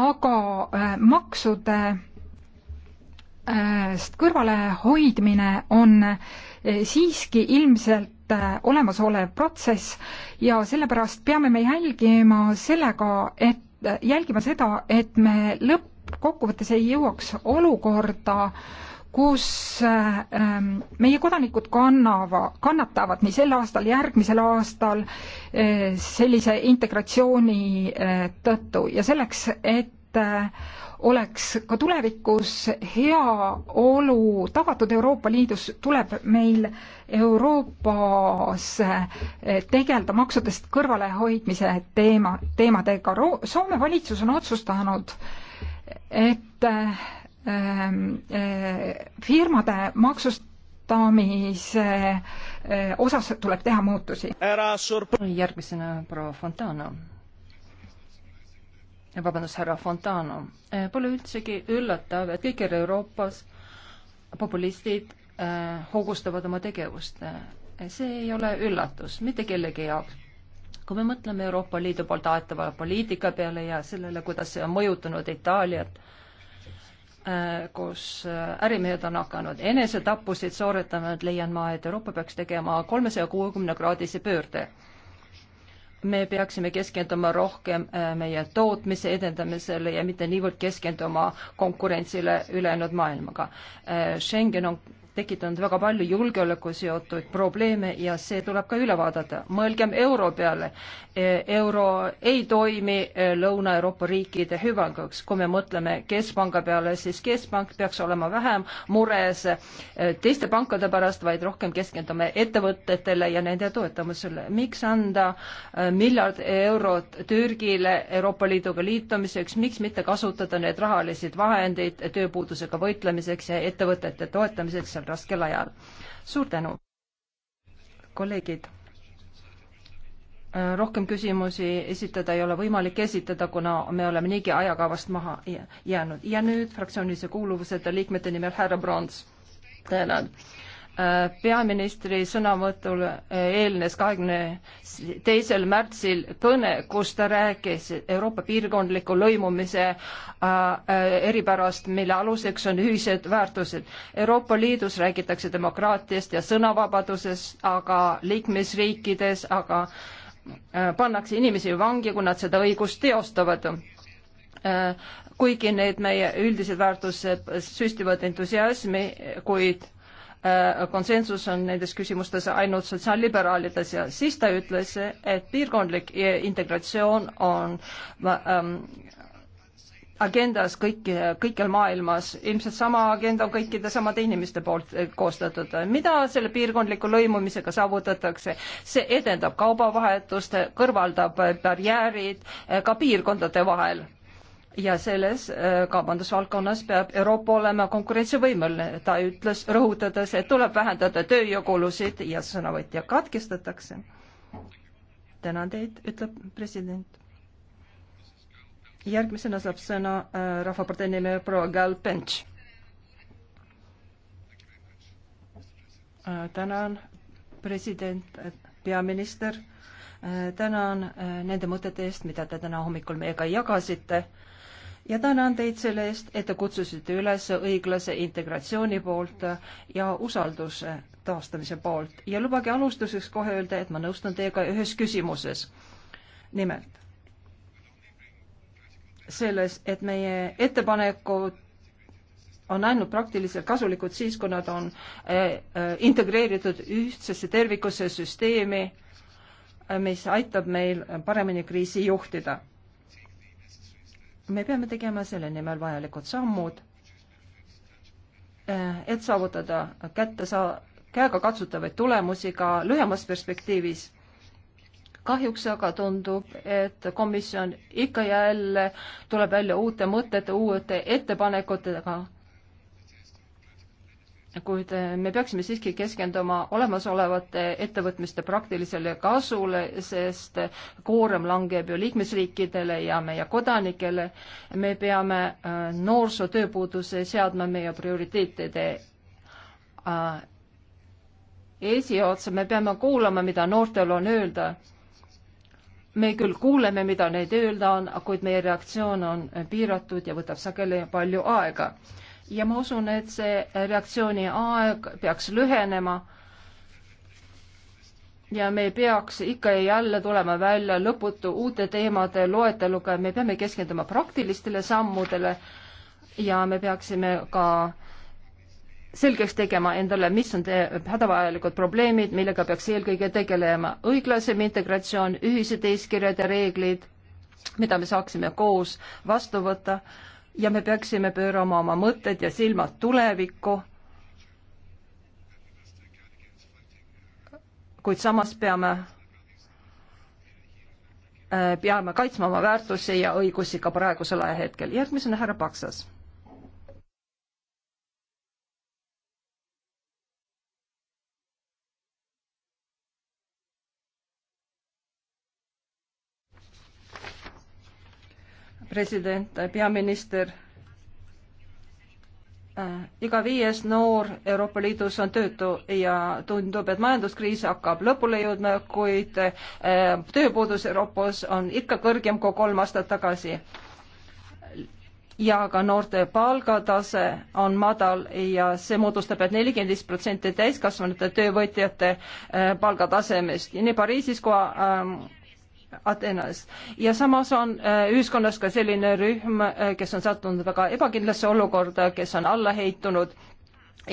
aga äh, maksude sest äh, kõrvalehoidmine on äh, siiski ilmselt olemasolev protsess ja sellepärast peame me jälgima sellega, et jälgima seda, et me lõppkokkuvõttes ei jõuaks olukorda, kus ähm, meie kodanikud kannava, kannatavad nii sel aastal, järgmisel aastal äh, sellise integratsiooni äh, tõttu ja selleks, et äh, oleks ka tulevikus heaolu tagatud Euroopa Liidus, tuleb meil Euroopas eh, tegeleda maksudest kõrvalehoidmise teema, teemadega. Soome valitsus on otsustanud, et eh, eh, firmade maksust osas tuleb teha muutusi. järgmisena proua Fontana vabandust, härra Fontano. Eh, pole üldsegi üllatav, et kõikjal Euroopas populistid äh, hoogustavad oma tegevust. Eh, see ei ole üllatus mitte kellegi jaoks. kui me mõtleme Euroopa Liidu poolt aetava poliitika peale ja sellele, kuidas see on mõjutanud Itaaliat äh,, kus ärimehed on hakanud enesetappusid sooritama, et leian ma, et Euroopa peaks tegema kolmesaja kuuekümne kraadise pöörde me peaksime keskenduma rohkem äh, meie tootmise edendamisele ja mitte niivõrd keskenduma konkurentsile ülejäänud maailmaga. Äh, Schengen on tekitanud väga palju julgeoleku seotud probleeme ja see tuleb ka üle vaadata. mõelgem euro peale. E, euro ei toimi e, Lõuna-Euroopa riikide hüvanguks. kui me mõtleme keskpanga peale, siis keskpank peaks olema vähem mures e, teiste pankade pärast, vaid rohkem keskenduma ettevõtetele ja nende toetamisele. miks anda miljard eurot Türgile Euroopa Liiduga liitumiseks, miks mitte kasutada need rahalised vahendid tööpuudusega võitlemiseks ja ettevõtete toetamiseks äärmisel raskel ajal. suur tänu, kolleegid! Äh, rohkem küsimusi esitada ei ole võimalik esitada, kuna me oleme niigi ajakavast maha jäänud ja nüüd fraktsioonilise kuuluvuseta liikmete nimel härra Brons. tänan peaministri sõnavõtul eh, eelnes kahekümne teisel märtsil kõne, kus ta rääkis Euroopa piirkondliku lõimumise äh, äh, eripärast, mille aluseks on ühised väärtused. Euroopa Liidus räägitakse demokraatiast ja sõnavabadusest, aga liikmesriikides aga äh, pannakse inimesi vangi, kui nad seda õigust teostavad kuigi need meie üldised väärtused süstivad entusiasmi, kuid Äh, konsensus on nendes küsimustes ainult sotsiaalliberaalides ja siis ta ütles, et piirkondlik integratsioon on ähm, agendas kõik, kõikjal maailmas, ilmselt sama agenda on kõikide samade inimeste poolt äh, koostatud. mida selle piirkondliku lõimumisega saavutatakse? see edendab kaubavahetust, kõrvaldab barjäärid äh, ka piirkondade vahel ja selles äh, kaubandusvaldkonnas peab Euroopa olema konkurentsivõimeline. ta ütles, rõhutades, et tuleb vähendada tööjõukulusid ja sõnavõtja katkestatakse. tänan teid, ütleb president. järgmisena saab sõna äh, Rahvapartei nimel proua Gal Pench äh,. tänan, president, äh, peaminister äh,, tänan äh, nende mõtete eest, mida te täna hommikul meiega jagasite ja tänan teid selle eest, et te kutsusite üles õiglase integratsiooni poolt ja usalduse taastamise poolt ja lubage alustuseks kohe öelda, et ma nõustun teiega ühes küsimuses. nimelt selles, et meie ettepanekud on ainult praktiliselt kasulikud siis, kui nad on eh, eh, integreeritud ühtsesse tervikusse süsteemi, mis aitab meil paremini kriisi juhtida me peame tegema selle nimel vajalikud sammud, eh, et saavutada kätte saa-, käegakatsutavaid tulemusi ka lühemas perspektiivis. kahjuks aga tundub, et komisjon ikka ja jälle tuleb välja uute mõtete, uute ettepanekutega kuid eh, me peaksime siiski keskenduma olemasolevate ettevõtmiste praktilisele kasule, sest koorem langeb ju liikmesriikidele ja meie kodanikele. me peame eh, noorsootööpuuduse seadma meie prioriteetide eh, esiotsa, me peame kuulama, mida noortel on öelda. me küll kuuleme, mida neid öelda on, kuid meie reaktsioon on piiratud ja võtab sageli palju aega ja ma usun, et see reaktsiooni aeg peaks lühenema. ja me peaks ikka ja jälle tulema välja lõputu uute teemade loeteluga, me peame keskenduma praktilistele sammudele ja me peaksime ka selgeks tegema endale, mis on hädavajalikud probleemid, millega peaks eelkõige tegelema. õiglasem integratsioon, ühised eeskirjad ja reeglid, mida me saaksime koos vastu võtta ja me peaksime pöörama oma mõtted ja silmad tulevikku. kuid samas peame, äh, peame kaitsma oma väärtusi ja õigusi ka praegusel ajahetkel. järgmisena härra Paksas president, peaminister äh,. iga viies noor Euroopa Liidus on töötu ja tundub, et majanduskriis hakkab lõpule jõudma, kuid äh, tööpuudus Euroopas on ikka kõrgem kui kolm aastat tagasi. ja ka noorte palgatase on madal ja see moodustab et, et nelikümmend viis protsenti täiskasvanute töövõtjate äh, palgatasemest ja nii Pariisis kui ähm, Atenas ja samas on äh, ühiskonnas ka selline rühm, äh, kes on sattunud väga ebakindlasse olukorda, kes on alla heitunud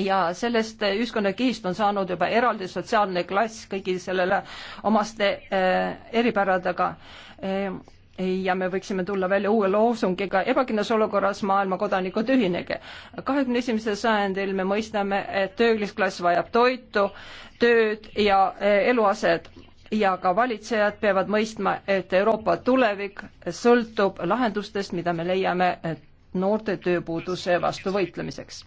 ja sellest äh, ühiskonnakihist on saanud juba eraldi sotsiaalne klass kõigi sellele omaste eripäradega ja me võiksime tulla välja uue loosungiga ebakindlas olukorras maailma kodanikud ühinege. kahekümne esimesel sajandil me mõistame, et töölisklass vajab toitu, tööd ja eluaset ja ka valitsejad peavad mõistma, et Euroopa tulevik sõltub lahendustest, mida me leiame noorte tööpuuduse vastu võitlemiseks.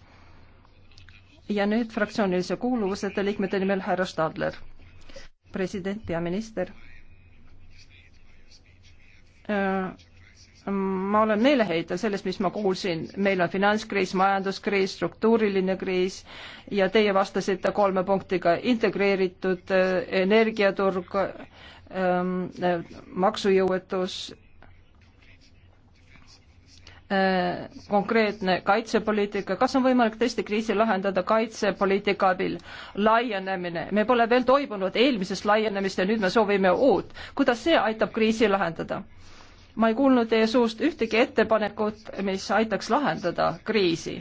ja nüüd fraktsioonilise kuuluvuseta liikmete nimel härra Stadler. president, peaminister äh, ma olen meeleheitel sellest, mis ma kuulsin, meil on finantskriis, majanduskriis, struktuuriline kriis ja teie vastasite kolme punktiga integreeritud äh, energiaturg ähm,, äh, maksujõuetus äh,, konkreetne kaitsepoliitika, kas on võimalik tõesti kriisi lahendada kaitsepoliitika abil, laienemine, me pole veel toibunud eelmisest laienemist ja nüüd me soovime uut, kuidas see aitab kriisi lahendada? ma ei kuulnud teie suust ühtegi ettepanekut, mis aitaks lahendada kriisi.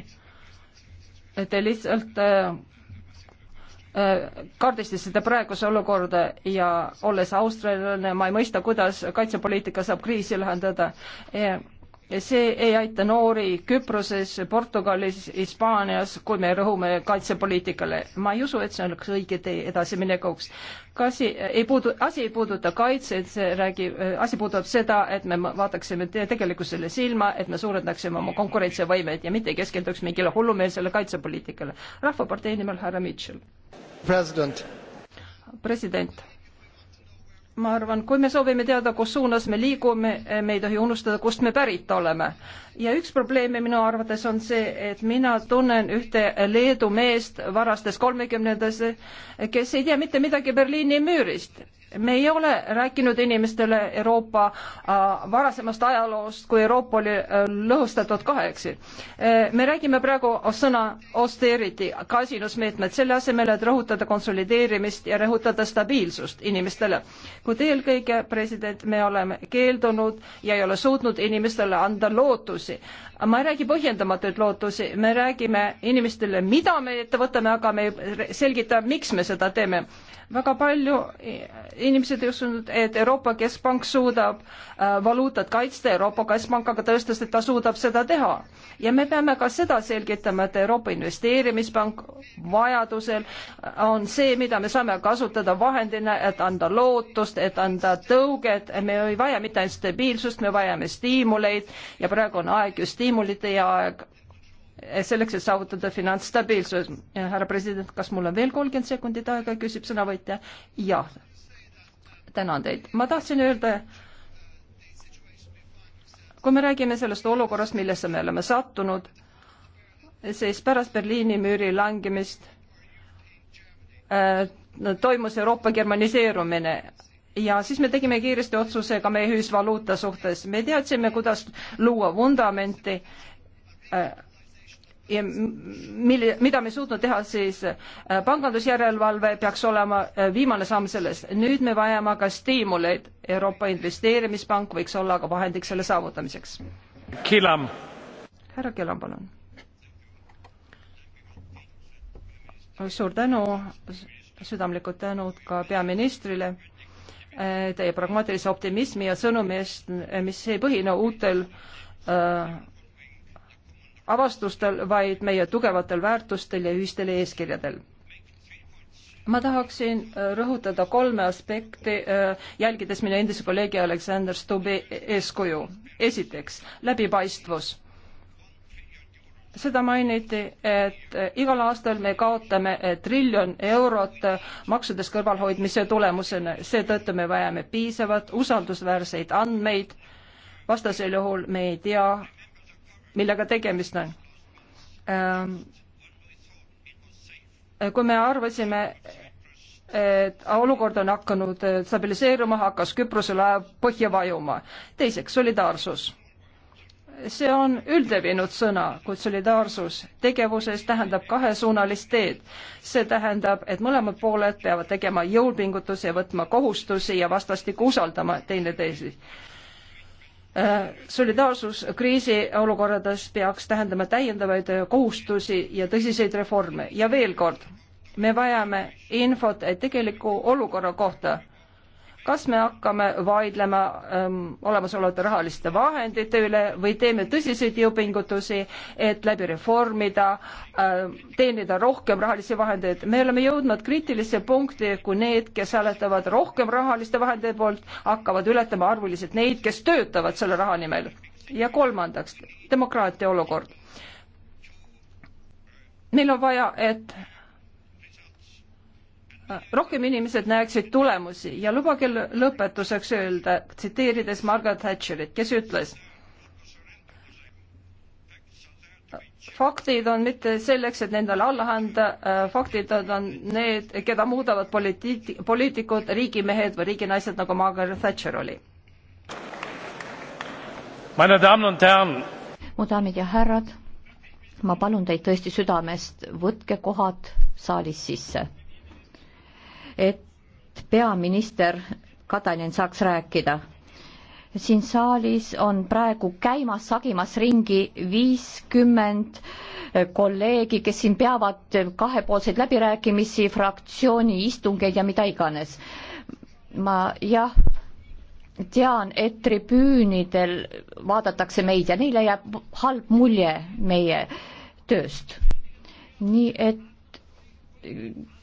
Te lihtsalt äh, äh kaardistasite praeguse olukorda ja olles austraallane, ma ei mõista, kuidas kaitsepoliitika saab kriisi lahendada see ei aita noori Küproses, Portugalis, Hispaanias, kui me rõhume kaitsepoliitikale. ma ei usu, et see oleks õige tee edasiminekuks. asi ei puudu, asi ei puuduta kaitset, see räägib, asi puudutab seda, et me vaataksime tegelikkusele silma, et me suurendaksime oma konkurentsivõimeid ja mitte ei keskenduks mingile hullumeelsele kaitsepoliitikale. rahvapartei nimel härra Mitchell. president. president ma arvan, kui me soovime teada, kus suunas me liigume, me ei tohi unustada, kust me pärit oleme. ja üks probleeme minu arvates on see, et mina tunnen ühte Leedu meest varastes kolmekümnendas, kes ei tea mitte midagi Berliini müürist me ei ole rääkinud inimestele Euroopa äh, varasemast ajaloost, kui Euroopa oli äh, lõhustatud kaheks äh,. me räägime praegu sõna austerity, kasinusmeetmed, selle asemel, et rõhutada konsolideerimist ja rõhutada stabiilsust inimestele. kuid eelkõige, president, me oleme keeldunud ja ei ole suutnud inimestele anda lootusi. ma ei räägi põhjendamatuid lootusi, me räägime inimestele, mida me ette võtame, aga me ei selgita, miks me seda teeme väga palju inimesed ei usunud, et Euroopa Keskpank suudab äh, valuutat kaitsta, Euroopa Keskpank aga tõestas, et ta suudab seda teha. ja me peame ka seda selgitama, et Euroopa Investeerimispank vajadusel äh, on see, mida me saame kasutada vahendina, et anda lootust, et anda tõuget, me ei vaja mitte ainult stabiilsust, me vajame stiimuleid ja praegu on aeg ju stiimulite ja aeg selleks, et saavutada finantsstabiilsus. härra president, kas mul on veel kolmkümmend sekundit aega, küsib sõnavõtja. jah, tänan teid. ma tahtsin öelda, kui me räägime sellest olukorrast, millesse me oleme sattunud, siis pärast Berliini müüri langemist äh, toimus Euroopa germaniseerumine ja siis me tegime kiiresti otsuse ka meie ühisvaluuta suhtes. me teadsime, kuidas luua vundamenti äh, ja mille, mida me suutnud teha, siis äh, pangandusjärelevalve peaks olema äh, viimane samm selles. nüüd me vajame ka stiimuleid. Euroopa Investeerimispank võiks olla ka vahendiks selle saavutamiseks. Kilam. härra Kilam, palun. suur tänu, südamlikud tänud ka peaministrile äh, teie pragmaatilise optimismi ja sõnumi eest, mis ei põhine uutel äh, avastustel, vaid meie tugevatel väärtustel ja ühistel eeskirjadel. ma tahaksin äh, rõhutada kolme aspekti, äh, jälgides minu endise kolleegi Aleksander Stubbi e-, eeskuju. esiteks, läbipaistvus seda mainiti, et äh, igal aastal me kaotame triljon eurot maksudest kõrvalhoidmise tulemusena, seetõttu me vajame piisavalt usaldusväärseid andmeid, vastasel juhul me ei tea, millega tegemist on ähm,. kui me arvasime, et olukord on hakanud äh, stabiliseeruma, hakkas Küprose laev põhja vajuma. teiseks, solidaarsus. see on üldlevinud sõna, kuid solidaarsus tegevuses tähendab kahesuunalist teed. see tähendab, et mõlemad pooled peavad tegema jõupingutusi ja võtma kohustusi ja vastastikku usaldama teineteisi Äh, solidaarsus kriisiolukordades peaks tähendama täiendavaid kohustusi ja tõsiseid reforme ja veel kord, me vajame infot tegeliku olukorra kohta kas me hakkame vaidlema ähm, olemasolevate rahaliste vahendite üle või teeme tõsiseid jõupingutusi, et läbi reformida ähm,, teenida rohkem rahalisi vahendeid. me oleme jõudnud kriitilisse punkti, kui need, kes hääletavad rohkem rahaliste vahendite poolt, hakkavad ületama arvuliselt neid, kes töötavad selle raha nimel. ja kolmandaks, demokraatia olukord. meil on vaja, et rohkem inimesed näeksid tulemusi ja lubage lõpetuseks öelda, tsiteerides Margaret Thatcherit, kes ütles, faktid on mitte selleks, et nendele alla anda, äh, faktid on, on need, keda muudavad poliitik-, poliitikud, riigimehed või riiginaised, nagu Margaret Thatcher oli. mu daamid ja härrad, ma palun teid tõesti südamest, võtke kohad saalis sisse et peaminister Katainen saaks rääkida. siin saalis on praegu käimas, sagimas ringi viiskümmend kolleegi, kes siin peavad kahepoolseid läbirääkimisi, fraktsiooni istungeid ja mida iganes. ma jah, tean, et tribüünidel vaadatakse meid ja neile jääb halb mulje meie tööst. nii et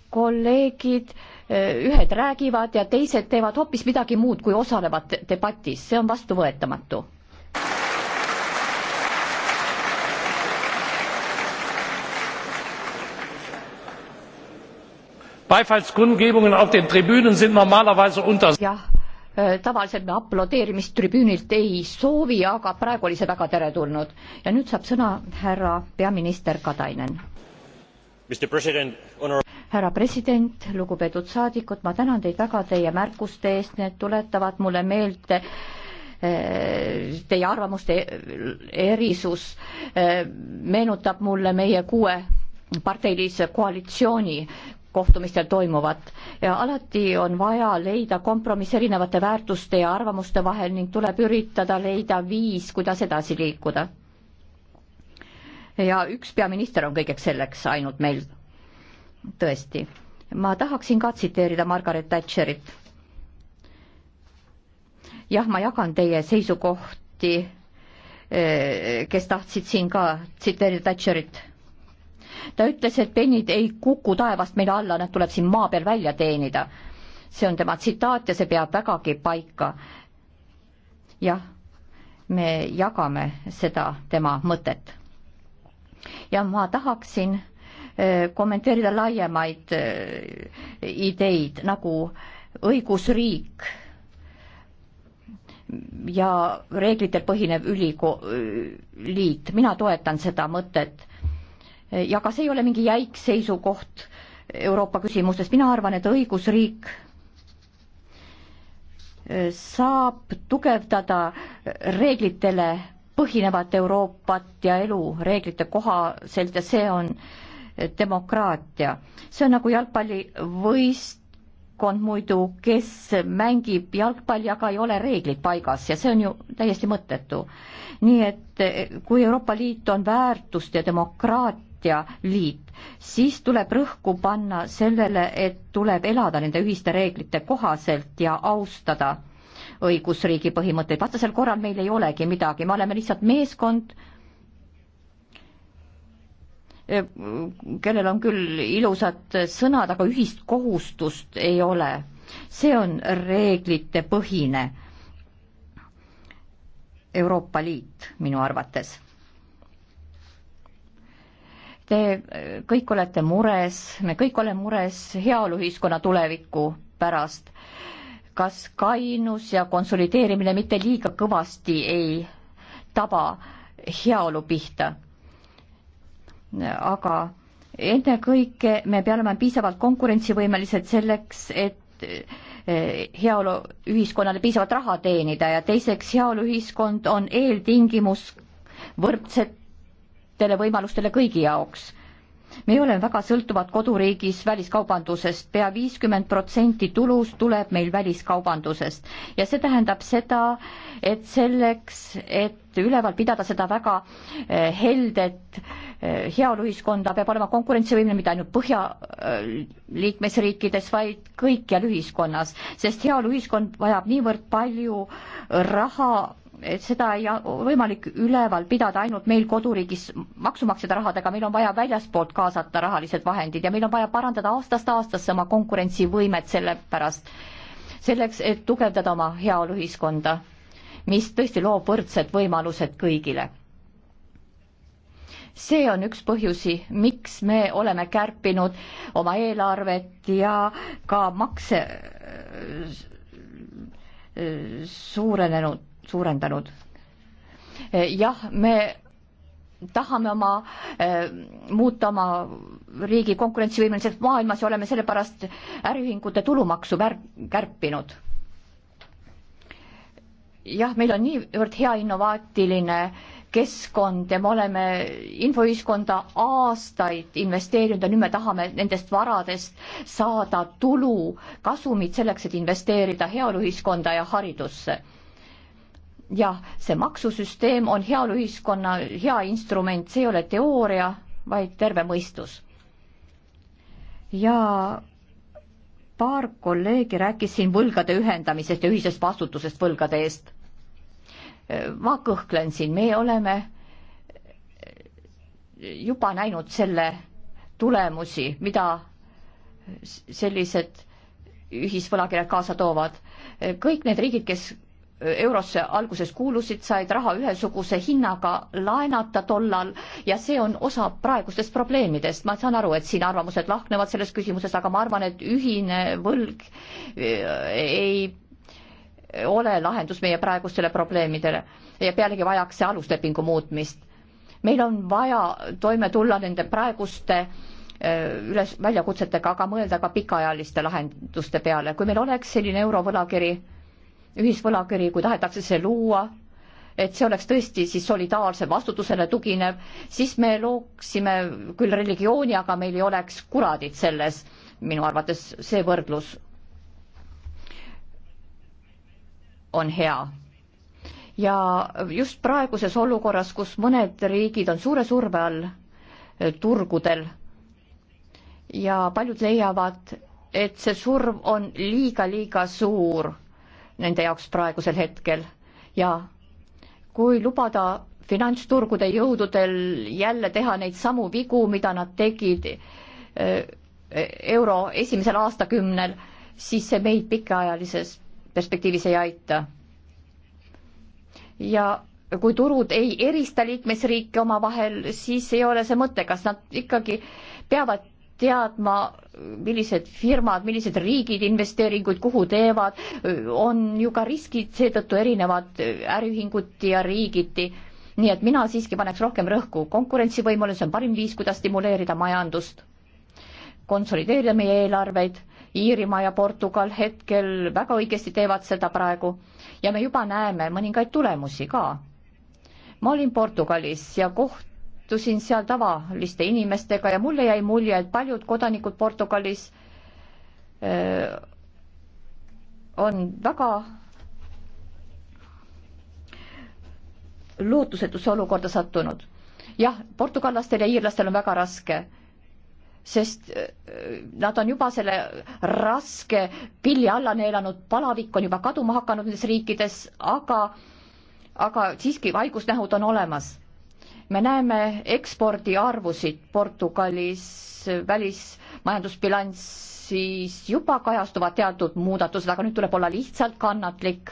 kolleegid äh, ühed räägivad ja teised teevad hoopis midagi muud, kui osalevad debatis, see on vastuvõetamatu. beifallskundgebungen auf den tribünen sind normalerweise unter jah, äh, tavaliselt me aplodeerimist tribüünilt ei soovi, aga praegu oli see väga teretulnud. ja nüüd saab sõna härra peaminister Katainen härra president, lugupeetud saadikud, ma tänan teid väga teie märkuste eest, need tuletavad mulle meelde eh, teie arvamuste erisus eh, meenutab mulle meie kuue parteilise koalitsiooni kohtumistel toimuvat ja alati on vaja leida kompromiss erinevate väärtuste ja arvamuste vahel ning tuleb üritada leida viis, kuidas edasi liikuda ja üks peaminister on kõigeks selleks ainult meil tõesti. ma tahaksin ka tsiteerida Margaret Thatcherit. jah, ma jagan teie seisukohti, eh, kes tahtsid siin ka tsiteerida Thatcherit. ta ütles, et pennid ei kuku taevast meile alla, nad tuleb siin maa peal välja teenida. see on tema tsitaat ja see peab vägagi paika. jah, me jagame seda tema mõtet ja ma tahaksin äh, kommenteerida laiemaid äh, ideid nagu õigusriik ja reeglitel põhinev ülikooliit, äh, mina toetan seda mõtet. ja kas ei ole mingi jäik seisukoht Euroopa küsimustes, mina arvan, et õigusriik saab tugevdada reeglitele põhinevat Euroopat ja elu reeglite kohaselt ja see on eh, demokraatia. see on nagu jalgpallivõistkond muidu, kes mängib jalgpalli, aga ei ole reeglid paigas ja see on ju täiesti mõttetu. nii et eh, kui Euroopa Liit on väärtuste ja demokraatia liit, siis tuleb rõhku panna sellele, et tuleb elada nende ühiste reeglite kohaselt ja austada õigusriigi põhimõtteid, vastasel korral meil ei olegi midagi, me oleme lihtsalt meeskond, eh, kellel on küll ilusad sõnad, aga ühist kohustust ei ole. see on reeglite põhine Euroopa Liit minu arvates. Te kõik olete mures, me kõik oleme mures heaoluühiskonna tuleviku pärast viisakas, kainus ja konsolideerimine mitte liiga kõvasti ei taba heaolu pihta. aga ennekõike me peame olema piisavalt konkurentsivõimelised selleks, et eh, heaolu ühiskonnale piisavalt raha teenida ja teiseks, heaolu ühiskond on eeltingimus võrdsetele võimalustele kõigi jaoks me oleme väga sõltuvad koduriigis väliskaubandusest pea, pea viiskümmend protsenti tulust tuleb meil väliskaubandusest ja see tähendab seda, et selleks, et üleval pidada seda väga eh, heldet eh, heaoluühiskonda, peab olema konkurentsivõimeline mitte ainult põhja eh, liikmesriikides, vaid kõikjal ühiskonnas, sest heaoluühiskond vajab niivõrd palju raha et seda ei võimalik üleval pidada ainult meil koduriigis maksumaksjate rahadega, meil on vaja väljaspoolt kaasata rahalised vahendid ja meil on vaja parandada aastast aastasse oma konkurentsivõimet selle pärast, selleks, et tugevdada oma heaoluühiskonda, mis tõesti loob võrdsed võimalused kõigile. see on üks põhjusi, miks me oleme kärpinud oma eelarvet ja ka makse äh, suurenenud suurendanud. jah, me tahame oma äh,, muuta oma riigi konkurentsivõimeliseks maailmas ja oleme sellepärast äriühingute tulumaksu vär-, kärpinud. jah, meil on niivõrd hea innovaatiline keskkond ja me oleme infoühiskonda aastaid investeerinud ja nüüd me tahame nendest varadest saada tulu, kasumit selleks, et investeerida heaoluühiskonda ja haridusse jah, see maksusüsteem on heaoluühiskonna hea instrument, see ei ole teooria, vaid terve mõistus. ja paar kolleegi rääkis siin võlgade ühendamisest ja ühisest vastutusest võlgade eest. ma kõhklen siin, me oleme juba näinud selle tulemusi, mida sellised ühisvõlakirjad kaasa toovad. kõik need riigid, kes eurosse alguses kuulusid, said raha ühesuguse hinnaga laenata tollal ja see on osa praegustest probleemidest. ma saan aru, et siin arvamused lahknevad selles küsimuses, aga ma arvan, et ühine võlg äh, ei ole lahendus meie praegustele probleemidele ja pealegi vajaks see aluslepingu muutmist. meil on vaja toime tulla nende praeguste äh, üles, väljakutsetega, aga mõelda ka pikaajaliste lahenduste peale. kui meil oleks selline eurovõlakiri, ühisvõlakiri, kui tahetakse see luua, et see oleks tõesti siis solidaarse vastutusele tuginev, siis me looksime küll religiooni, aga meil ei oleks kuradit selles, minu arvates see võrdlus on hea. ja just praeguses olukorras, kus mõned riigid on suure surve all eh, turgudel ja paljud leiavad, et see surv on liiga-liiga suur nende jaoks praegusel hetkel ja kui lubada finantsturgude jõududel jälle teha neid samu vigu, mida nad tegid äh, euro esimesel aastakümnel, siis see meid pikaajalises perspektiivis ei aita. ja kui turud ei erista liikmesriike omavahel, siis ei ole see mõttekas, nad ikkagi peavad teadma, millised firmad, millised riigid investeeringuid kuhu teevad, on ju ka riskid seetõttu erinevad äriühinguti ja riigiti. nii et mina siiski paneks rohkem rõhku konkurentsivõimule, see on parim viis, kuidas stimuleerida majandust, konsolideerida meie eelarveid. Iirimaa ja Portugal hetkel väga õigesti teevad seda praegu ja me juba näeme mõningaid tulemusi ka. ma olin Portugalis ja koht-, kohtusin seal tavaliste inimestega ja mulle jäi mulje, et paljud kodanikud Portugalis öö, on väga lootusetusse olukorda sattunud. jah, portugallastel ja iirlastel on väga raske, sest nad on juba selle raske pilli alla neelanud, palavik on juba kaduma hakanud nendes riikides, aga, aga siiski haigusnähud on olemas me näeme ekspordiarvusid Portugalis, välismajandusbilansis juba kajastuvad teatud muudatused, aga nüüd tuleb olla lihtsalt kannatlik.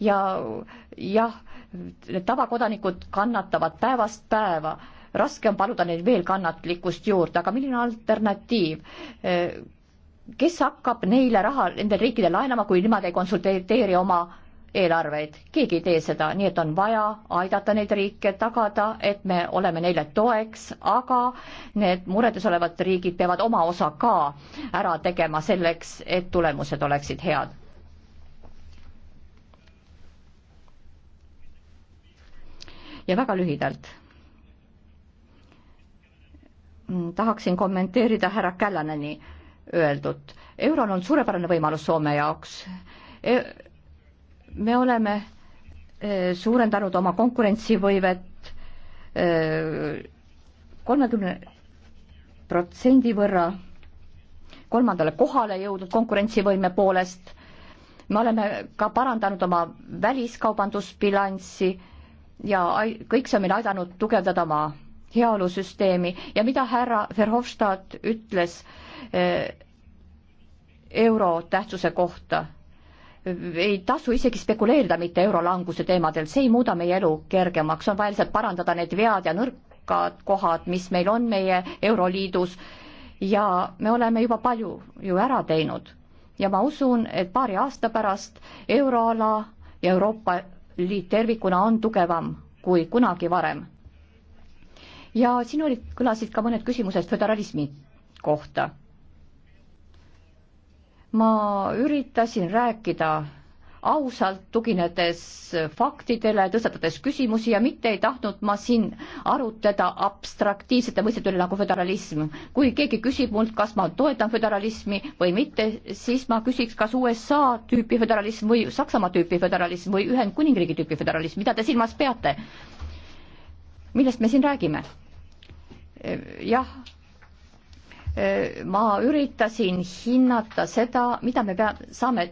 ja jah, need tavakodanikud kannatavad päevast päeva, raske on paluda neil veel kannatlikkust juurde, aga milline alternatiiv? kes hakkab neile raha, nendel riikidel laenama, kui nemad ei konsulteeri oma eelarveid, keegi ei tee seda, nii et on vaja aidata neid riike, tagada, et me oleme neile toeks, aga need muredes olevad riigid peavad oma osa ka ära tegema selleks, et tulemused oleksid head. ja väga lühidalt mm, tahaksin kommenteerida härra Källaneni öeldut. euro on suurepärane võimalus Soome jaoks e me oleme eh, suurendanud oma konkurentsivõivet eh, kolmekümne protsendi võrra, kolmandale kohale jõudnud konkurentsivõime poolest. me oleme ka parandanud oma väliskaubandusbilanssi ja kõik see on meil aidanud tugevdada oma heaolusüsteemi ja mida härra Verhofstadt ütles eh, euro tähtsuse kohta ei tasu isegi spekuleerida mitte eurolanguse teemadel, see ei muuda meie elu kergemaks, on vaja lihtsalt parandada need vead ja nõrkad kohad, mis meil on meie Euroliidus ja me oleme juba palju ju ära teinud. ja ma usun, et paari aasta pärast euroala ja Euroopa Liit tervikuna on tugevam kui kunagi varem. ja siin olid, kõlasid ka mõned küsimused föderalismi kohta ma üritasin rääkida ausalt, tuginedes faktidele, tõstatades küsimusi ja mitte ei tahtnud ma siin arutleda abstraktiivsete mõistete üle nagu föderalism. kui keegi küsib mult, kas ma toetan föderalismi või mitte, siis ma küsiks, kas USA tüüpi föderalism või Saksamaa tüüpi föderalism või Ühendkuningriigi tüüpi föderalism, mida te silmas peate? millest me siin räägime? jah Äh, ma üritasin hinnata seda, mida me pea-, saame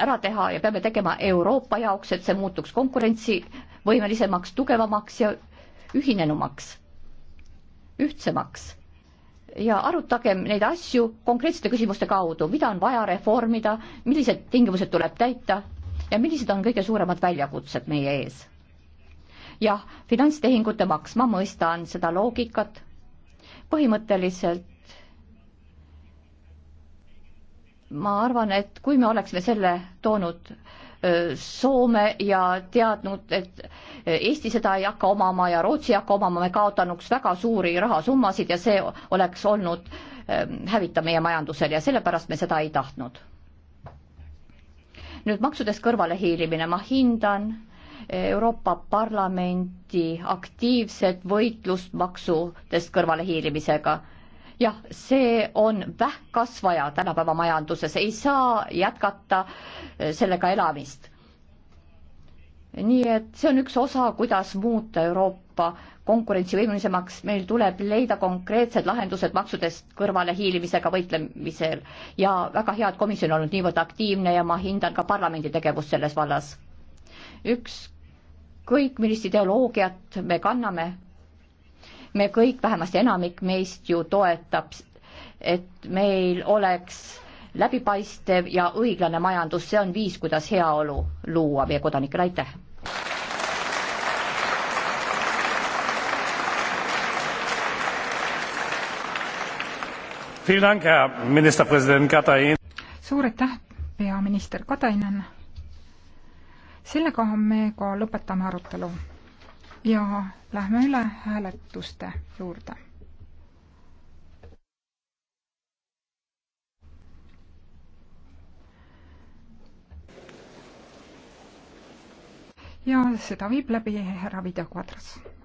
ära teha ja peame tegema Euroopa jaoks, et see muutuks konkurentsivõimelisemaks, tugevamaks ja ühinenumaks, ühtsemaks. ja arutagem neid asju konkreetsete küsimuste kaudu, mida on vaja reformida, millised tingimused tuleb täita ja millised on kõige suuremad väljakutsed meie ees. jah, finantstehingute maks, ma mõistan seda loogikat, põhimõtteliselt ma arvan, et kui me oleksime selle toonud Soome ja teadnud, et Eesti seda ei hakka omama ja Rootsi ei hakka omama, me kaotanuks väga suuri rahasummasid ja see oleks olnud hävitav meie majandusele ja sellepärast me seda ei tahtnud. nüüd maksudest kõrvalehiilimine, ma hindan Euroopa Parlamendi aktiivset võitlust maksudest kõrvalehiilimisega jah, see on vähkkasvaja tänapäeva majanduses, ei saa jätkata eh, sellega elamist. nii et see on üks osa, kuidas muuta Euroopa konkurentsivõimelisemaks, meil tuleb leida konkreetsed lahendused maksudest kõrvalehiilimisega võitlemisel ja väga hea, et komisjon on olnud niivõrd aktiivne ja ma hindan ka parlamendi tegevust selles vallas. ükskõik millist ideoloogiat me kanname, me kõik, vähemasti enamik meist ju toetab, et meil oleks läbipaistev ja õiglane majandus, see on viis, kuidas heaolu luua meie kodanikele, aitäh! suur aitäh, peaminister Katainen! sellega me ka lõpetame arutelu ja lähme üle hääletuste juurde. ja seda viib läbi härra Video Quadras.